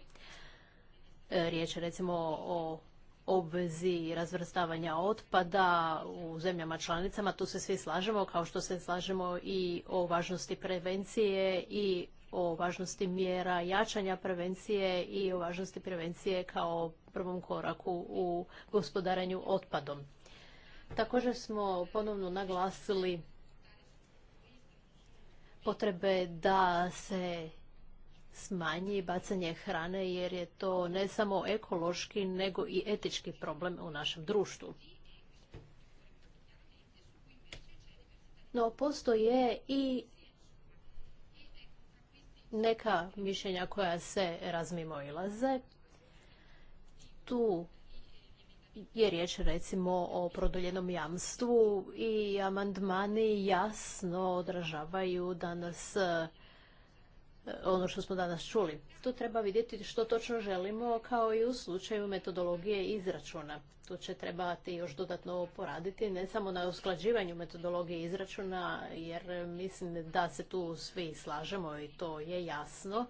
Riječ je recimo o obvezi razvrstavanja otpada u zemljama članicama, tu se svi slažemo, kao što se slažemo i o važnosti prevencije i o važnosti mjera jačanja prevencije i o važnosti prevencije kao prvom koraku u gospodaranju otpadom. Također smo ponovno naglasili potrebe da se smanji bacanje hrane jer je to ne samo ekološki nego i etički problem u našem društvu. No, postoje i neka mišljenja koja se razmimoilaze. Tu je riječ recimo o produljenom jamstvu i amandmani jasno odražavaju danas E, ono što smo danas čuli. Tu treba vidjeti što točno želimo, kao i u slučaju metodologije izračuna. Tu će trebati još dodatno poraditi, ne samo na usklađivanju metodologije izračuna, jer mislim da se tu svi slažemo i to je jasno,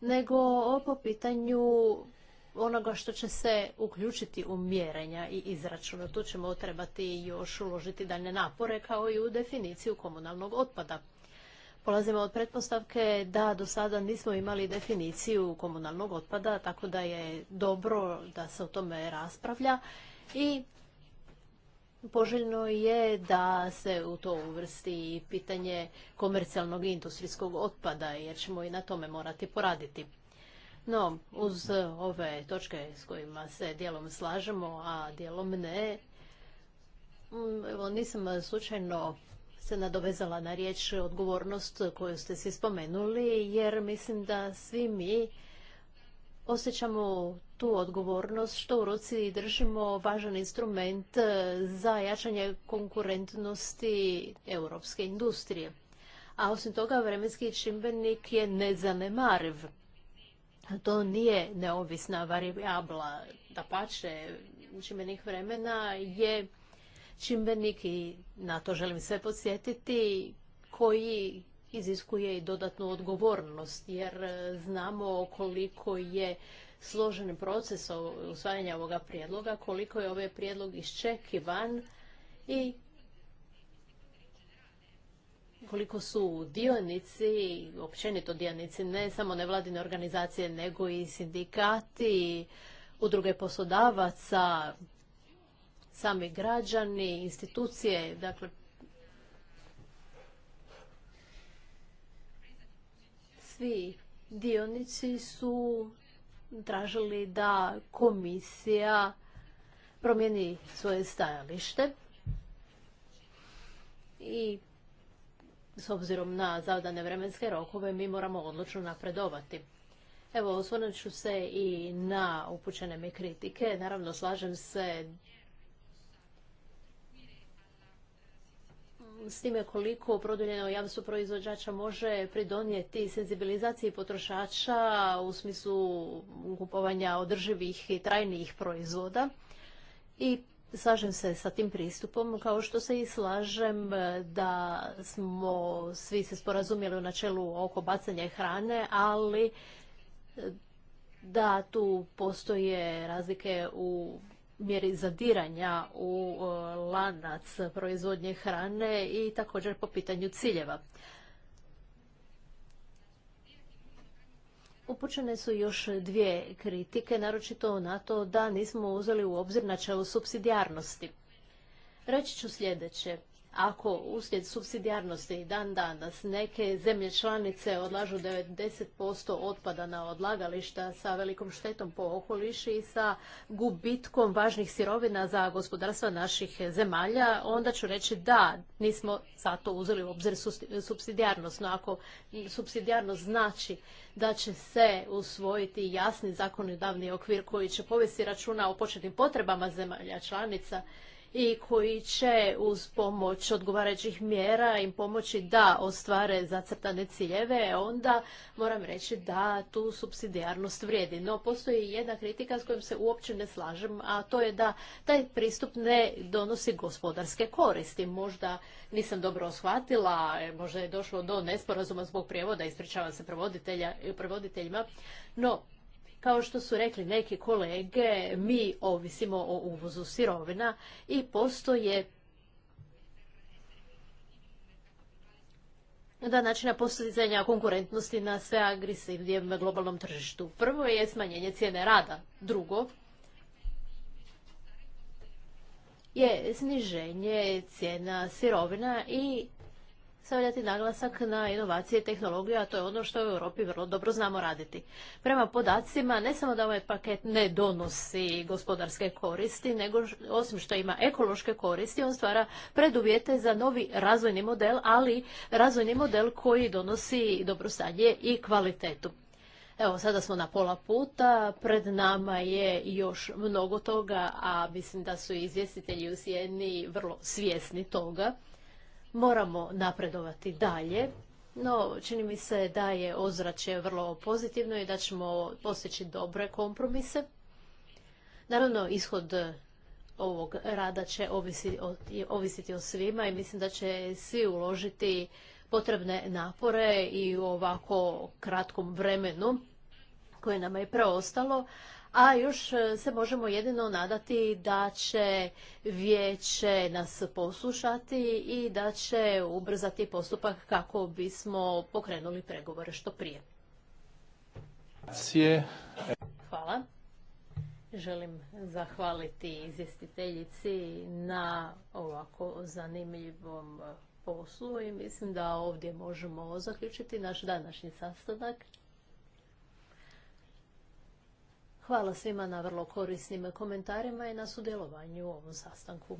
nego po pitanju onoga što će se uključiti u mjerenja i izračuna. Tu ćemo trebati još uložiti dalje napore, kao i u definiciju komunalnog otpada. Polazimo od pretpostavke da do sada nismo imali definiciju komunalnog otpada, tako da je dobro da se o tome raspravlja i poželjno je da se u to uvrsti pitanje komercijalnog i industrijskog otpada, jer ćemo i na tome morati poraditi. No, uz ove točke s kojima se dijelom slažemo, a dijelom ne, mm, evo, nisam slučajno se nadovezala na riječ odgovornost koju ste si spomenuli, jer mislim da svi mi osjećamo tu odgovornost što u ruci držimo važan instrument za jačanje konkurentnosti europske industrije. A osim toga vremenski čimbenik je nezanemariv. To nije neovisna variabla, Da pače, čimbenik vremena je čimbenik i na to želim sve podsjetiti koji iziskuje i dodatnu odgovornost jer znamo koliko je složen proces usvajanja ovoga prijedloga, koliko je ovaj prijedlog iščekivan i koliko su dionici, općenito dionici, ne samo nevladine organizacije, nego i sindikati, udruge poslodavaca, sami građani, institucije, dakle svi dionici su tražili da komisija promijeni svoje stajalište i s obzirom na zadane vremenske rokove mi moramo odlučno napredovati. Evo, osvrnut ću se i na upućene kritike. Naravno, slažem se s time koliko produljeno jamstvo proizvođača može pridonijeti senzibilizaciji potrošača u smislu kupovanja održivih i trajnijih proizvoda. I slažem se sa tim pristupom, kao što se i slažem e, da smo svi se sporazumjeli u načelu oko bacanja hrane, ali e, da tu postoje razlike u mjeri zadiranja u e, lanac proizvodnje hrane i također po pitanju ciljeva. Upućene su još dvije kritike, naročito na to da nismo uzeli u obzir načelo supsidijarnosti. Reći ću sljedeće. Ako uslijed subsidijarnosti dan danas neke zemlje članice odlažu 90% otpada na odlagališta sa velikom štetom po okoliši i sa gubitkom važnih sirovina za gospodarstva naših zemalja, onda ću reći da, nismo to uzeli u obzir subsidijarnost. No ako subsidijarnost znači da će se usvojiti jasni zakonodavni okvir koji će povesti računa o početnim potrebama zemalja članica, i koji će uz pomoć odgovarajućih mjera im pomoći da ostvare zacrtane ciljeve, onda moram reći da tu subsidijarnost vrijedi. No postoji jedna kritika s kojom se uopće ne slažem, a to je da taj pristup ne donosi gospodarske koristi. Možda nisam dobro shvatila, e, možda je došlo do nesporazuma zbog prijevoda, ispričavam se prevoditeljima, no kao što su rekli neki kolege, mi ovisimo o uvozu sirovina i postoje da načina postizanja konkurentnosti na sve agresivnijem globalnom tržištu. Prvo je smanjenje cijene rada. Drugo je sniženje cijena sirovina i stavljati naglasak na inovacije i tehnologiju, a to je ono što u Europi vrlo dobro znamo raditi. Prema podacima, ne samo da ovaj paket ne donosi gospodarske koristi, nego osim što ima ekološke koristi, on stvara preduvjete za novi razvojni model, ali razvojni model koji donosi dobrostanje i kvalitetu. Evo, sada smo na pola puta, pred nama je još mnogo toga, a mislim da su izvjestitelji u Sjeni vrlo svjesni toga. Moramo napredovati dalje, no čini mi se da je ozračje vrlo pozitivno i da ćemo postići dobre kompromise. Naravno, ishod ovog rada će ovisiti o svima i mislim da će svi uložiti potrebne napore i u ovako kratkom vremenu koje nam je preostalo, a još e, se možemo jedino nadati da će vijeće nas poslušati i da će ubrzati postupak kako bismo pokrenuli pregovore što prije. Hvala. Želim zahvaliti izvjestiteljici na ovako zanimljivom poslu i mislim da ovdje možemo zaključiti naš današnji sastanak. Hvala svima na vrlo korisnim komentarima i na sudjelovanju u ovom sastanku.